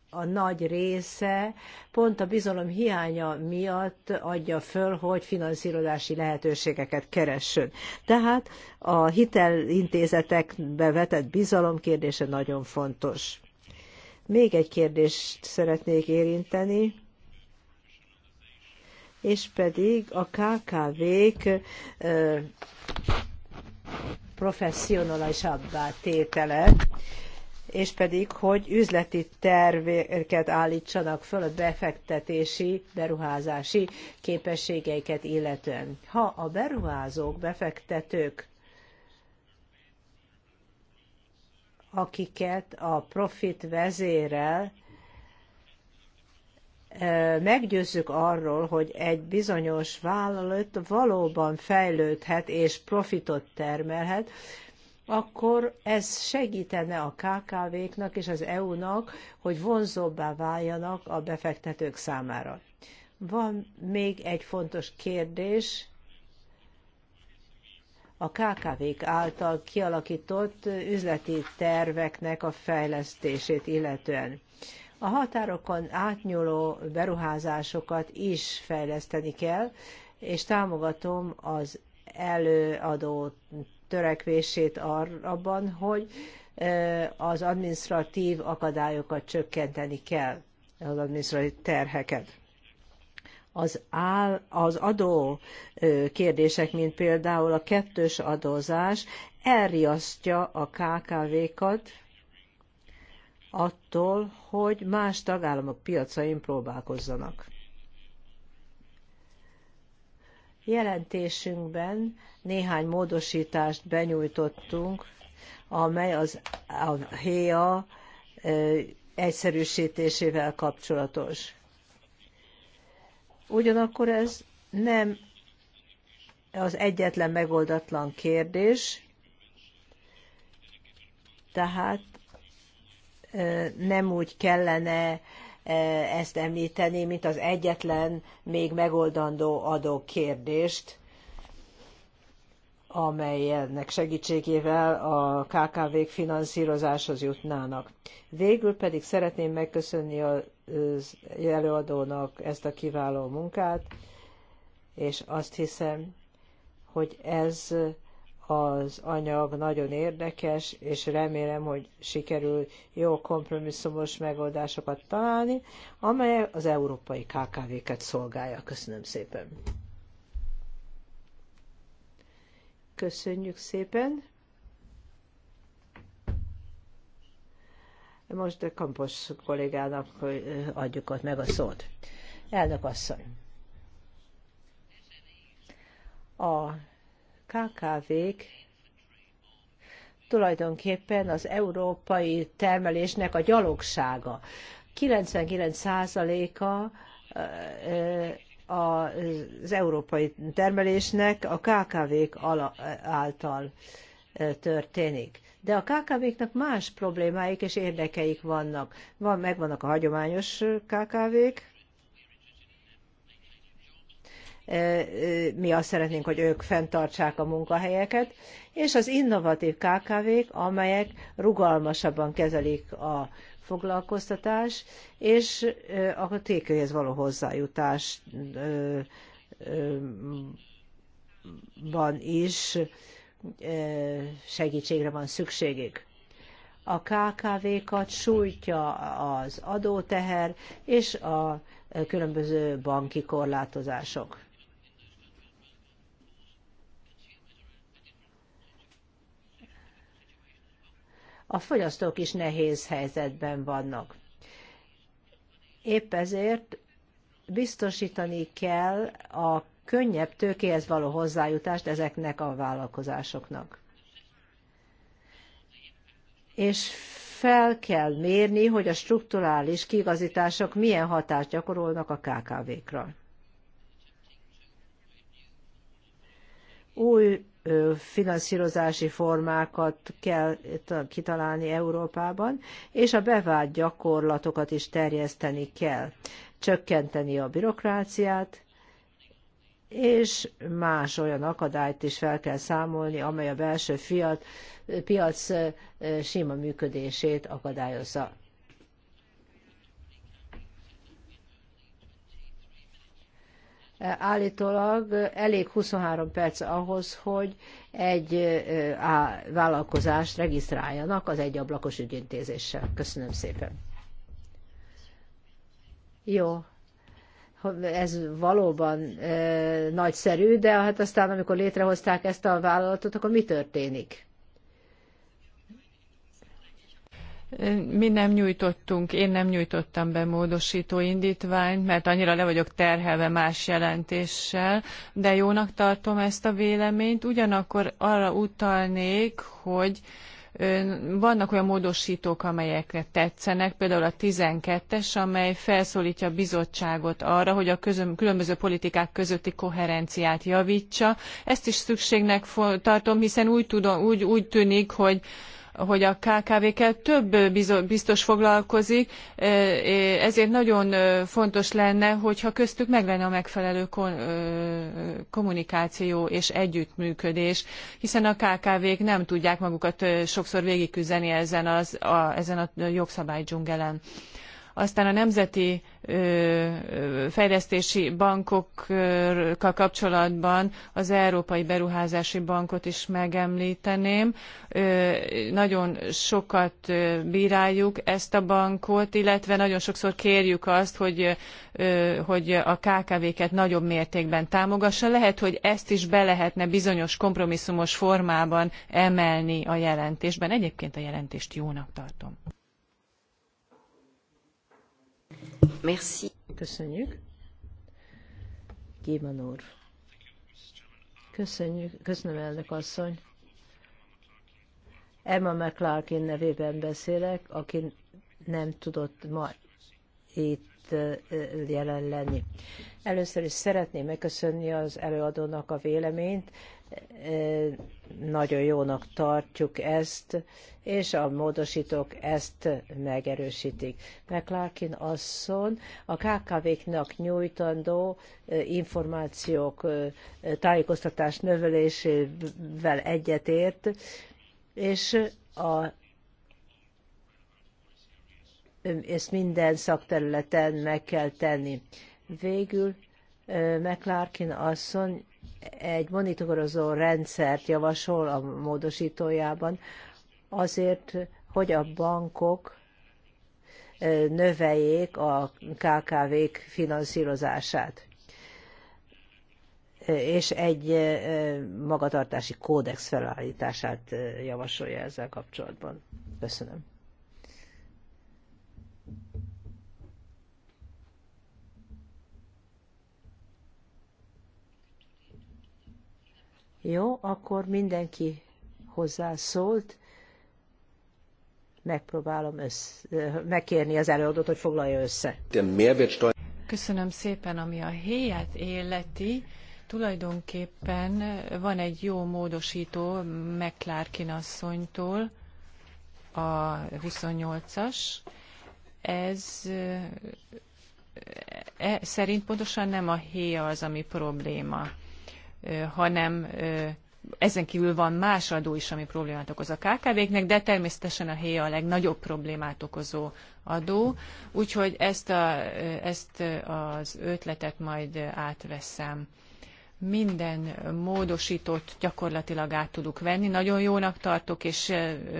a nagy része pont a bizalom hiánya miatt adja föl, hogy finanszírozási lehetőségeket keressön. Tehát a hitelintézetekbe vetett bizalom kérdése nagyon fontos. Még egy kérdést szeretnék érinteni, és pedig a KKV-k professzionalisabbá tétele, és pedig, hogy üzleti terveket állítsanak föl a befektetési, beruházási képességeiket illetően. Ha a beruházók, befektetők, akiket a profit vezérel, meggyőzzük arról, hogy egy bizonyos vállalat valóban fejlődhet és profitot termelhet, akkor ez segítene a KKV-knak és az EU-nak, hogy vonzóbbá váljanak a befektetők számára. Van még egy fontos kérdés, a KKV-k által kialakított üzleti terveknek a fejlesztését illetően. A határokon átnyúló beruházásokat is fejleszteni kell, és támogatom az előadó törekvését abban, hogy az administratív akadályokat csökkenteni kell, az administratív terheket. Az, áll, az adó kérdések, mint például a kettős adózás, elriasztja a KKV-kat attól, hogy más tagállamok piacain próbálkozzanak. Jelentésünkben néhány módosítást benyújtottunk, amely az a HEA egyszerűsítésével kapcsolatos. Ugyanakkor ez nem az egyetlen megoldatlan kérdés, tehát nem úgy kellene ezt említeni, mint az egyetlen még megoldandó adókérdést, amelynek segítségével a KKV-k finanszírozáshoz jutnának. Végül pedig szeretném megköszönni az előadónak ezt a kiváló munkát, és azt hiszem, hogy ez az anyag nagyon érdekes, és remélem, hogy sikerül jó kompromisszumos megoldásokat találni, amely az európai KKV-ket szolgálja. Köszönöm szépen! Köszönjük szépen! Most a Kampos kollégának adjuk ott meg a szót. Elnök asszony! A KKV-k tulajdonképpen az európai termelésnek a gyalogsága. 99%-a az európai termelésnek a KKV-k által történik. De a KKV-knak más problémáik és érdekeik vannak. Van, megvannak a hagyományos KKV-k, mi azt szeretnénk, hogy ők fenntartsák a munkahelyeket, és az innovatív KKV-k, amelyek rugalmasabban kezelik a foglalkoztatás, és a tékőhez való hozzájutás van is segítségre van szükségük. A KKV-kat sújtja az adóteher és a különböző banki korlátozások. a fogyasztók is nehéz helyzetben vannak. Épp ezért biztosítani kell a könnyebb tőkéhez való hozzájutást ezeknek a vállalkozásoknak. És fel kell mérni, hogy a strukturális kiigazítások milyen hatást gyakorolnak a KKV-kra. Új finanszírozási formákat kell kitalálni Európában, és a bevált gyakorlatokat is terjeszteni kell. Csökkenteni a bürokráciát, és más olyan akadályt is fel kell számolni, amely a belső fiat, piac sima működését akadályozza. Állítólag elég 23 perc ahhoz, hogy egy vállalkozást regisztráljanak az egyablakos ügyintézéssel. Köszönöm szépen. Jó, ez valóban e, nagyszerű, de hát aztán, amikor létrehozták ezt a vállalatot, akkor mi történik? Mi nem nyújtottunk, én nem nyújtottam be módosító indítványt, mert annyira le vagyok terhelve más jelentéssel, de jónak tartom ezt a véleményt. Ugyanakkor arra utalnék, hogy vannak olyan módosítók, amelyekre tetszenek, például a 12-es, amely felszólítja a bizottságot arra, hogy a közöm, különböző politikák közötti koherenciát javítsa. Ezt is szükségnek tartom, hiszen úgy, tudom, úgy, úgy tűnik, hogy hogy a KKV-kkel több biztos foglalkozik, ezért nagyon fontos lenne, hogyha köztük meg lenne a megfelelő kommunikáció és együttműködés, hiszen a KKV-k nem tudják magukat sokszor végigküzdeni ezen, az, a, ezen a jogszabálydzsungelen. dzsungelen aztán a nemzeti fejlesztési bankokkal kapcsolatban az Európai Beruházási Bankot is megemlíteném. Nagyon sokat bíráljuk ezt a bankot, illetve nagyon sokszor kérjük azt, hogy, hogy a KKV-ket nagyobb mértékben támogassa. Lehet, hogy ezt is be lehetne bizonyos kompromisszumos formában emelni a jelentésben. Egyébként a jelentést jónak tartom. Merci. Köszönjük. Géman úr. Köszönjük, köszönöm elnök asszony. Emma McClarkin nevében beszélek, aki nem tudott ma itt jelen lenni. Először is szeretném megköszönni az előadónak a véleményt, nagyon jónak tartjuk ezt, és a módosítók ezt megerősítik. McLarkin asszon a KKV-knak nyújtandó információk tájékoztatás növelésével egyetért, és a ezt minden szakterületen meg kell tenni. Végül McLarkin asszony egy monitorozó rendszert javasol a módosítójában, azért, hogy a bankok növeljék a KKV-k finanszírozását és egy magatartási kódex felállítását javasolja ezzel kapcsolatban. Köszönöm. Jó, akkor mindenki hozzászólt. Megpróbálom össze, megkérni az előadót, hogy foglalja össze. Köszönöm szépen, ami a héját életi. Tulajdonképpen van egy jó módosító McClarkin asszonytól, a 28-as. Ez e, szerint pontosan nem a héja az, ami probléma hanem ezen kívül van más adó is, ami problémát okoz a KKV-knek, de természetesen a héja a legnagyobb problémát okozó adó, úgyhogy ezt, a, ezt az ötletet majd átveszem minden módosított gyakorlatilag át tudok venni. Nagyon jónak tartok, és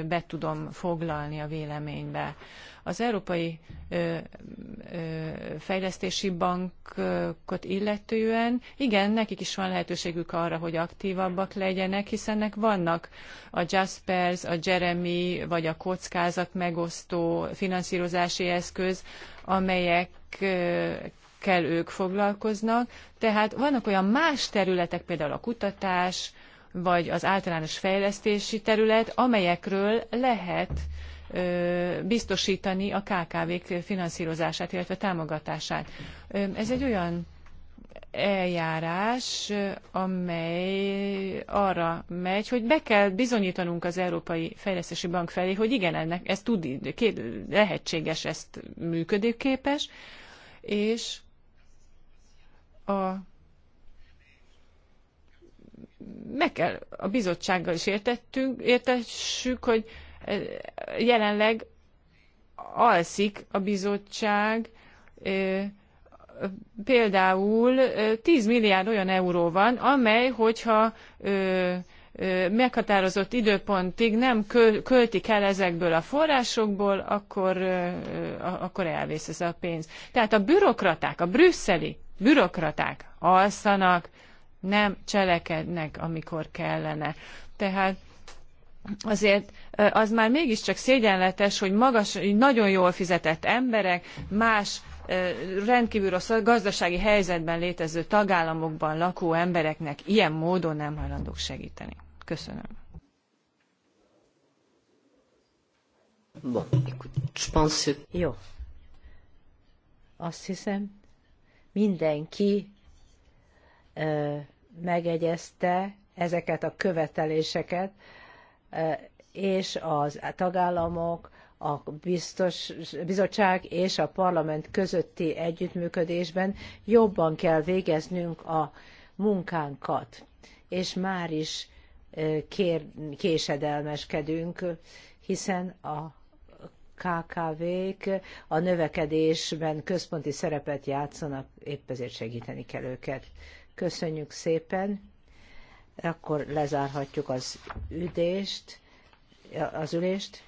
be tudom foglalni a véleménybe. Az Európai Fejlesztési Bankot illetően, igen, nekik is van lehetőségük arra, hogy aktívabbak legyenek, hiszen hiszennek vannak a Jaspers, a Jeremy, vagy a kockázat megosztó finanszírozási eszköz, amelyek kell ők foglalkoznak, tehát vannak olyan más területek, például a kutatás, vagy az általános fejlesztési terület, amelyekről lehet biztosítani a KKV-k finanszírozását, illetve támogatását. Ez egy olyan eljárás, amely arra megy, hogy be kell bizonyítanunk az Európai Fejlesztési Bank felé, hogy igen, ennek ez tud, lehetséges, ezt működőképes, és a meg kell a bizottsággal is értettünk, értessük, hogy eh, jelenleg alszik a bizottság, eh, például 10 eh, milliárd olyan euró van, amely, hogyha meghatározott időpontig nem költik el ezekből a forrásokból, akkor, akkor elvész ez a pénz. Tehát a bürokraták, a brüsszeli bürokraták alszanak, nem cselekednek, amikor kellene. Tehát azért az már mégiscsak szégyenletes, hogy magas, nagyon jól fizetett emberek más rendkívül rossz gazdasági helyzetben létező tagállamokban lakó embereknek ilyen módon nem hajlandók segíteni. Köszönöm. Bon, écoute, je pense... Jó. Azt hiszem, mindenki megegyezte ezeket a követeléseket, és az tagállamok, a biztos, bizottság és a parlament közötti együttműködésben jobban kell végeznünk a munkánkat. És már is kér, késedelmeskedünk, hiszen a KKV-k a növekedésben központi szerepet játszanak, épp ezért segíteni kell őket. Köszönjük szépen, akkor lezárhatjuk az üdést, az ülést,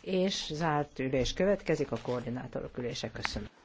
és zárt ülés következik a koordinátorok ülése. Köszönöm.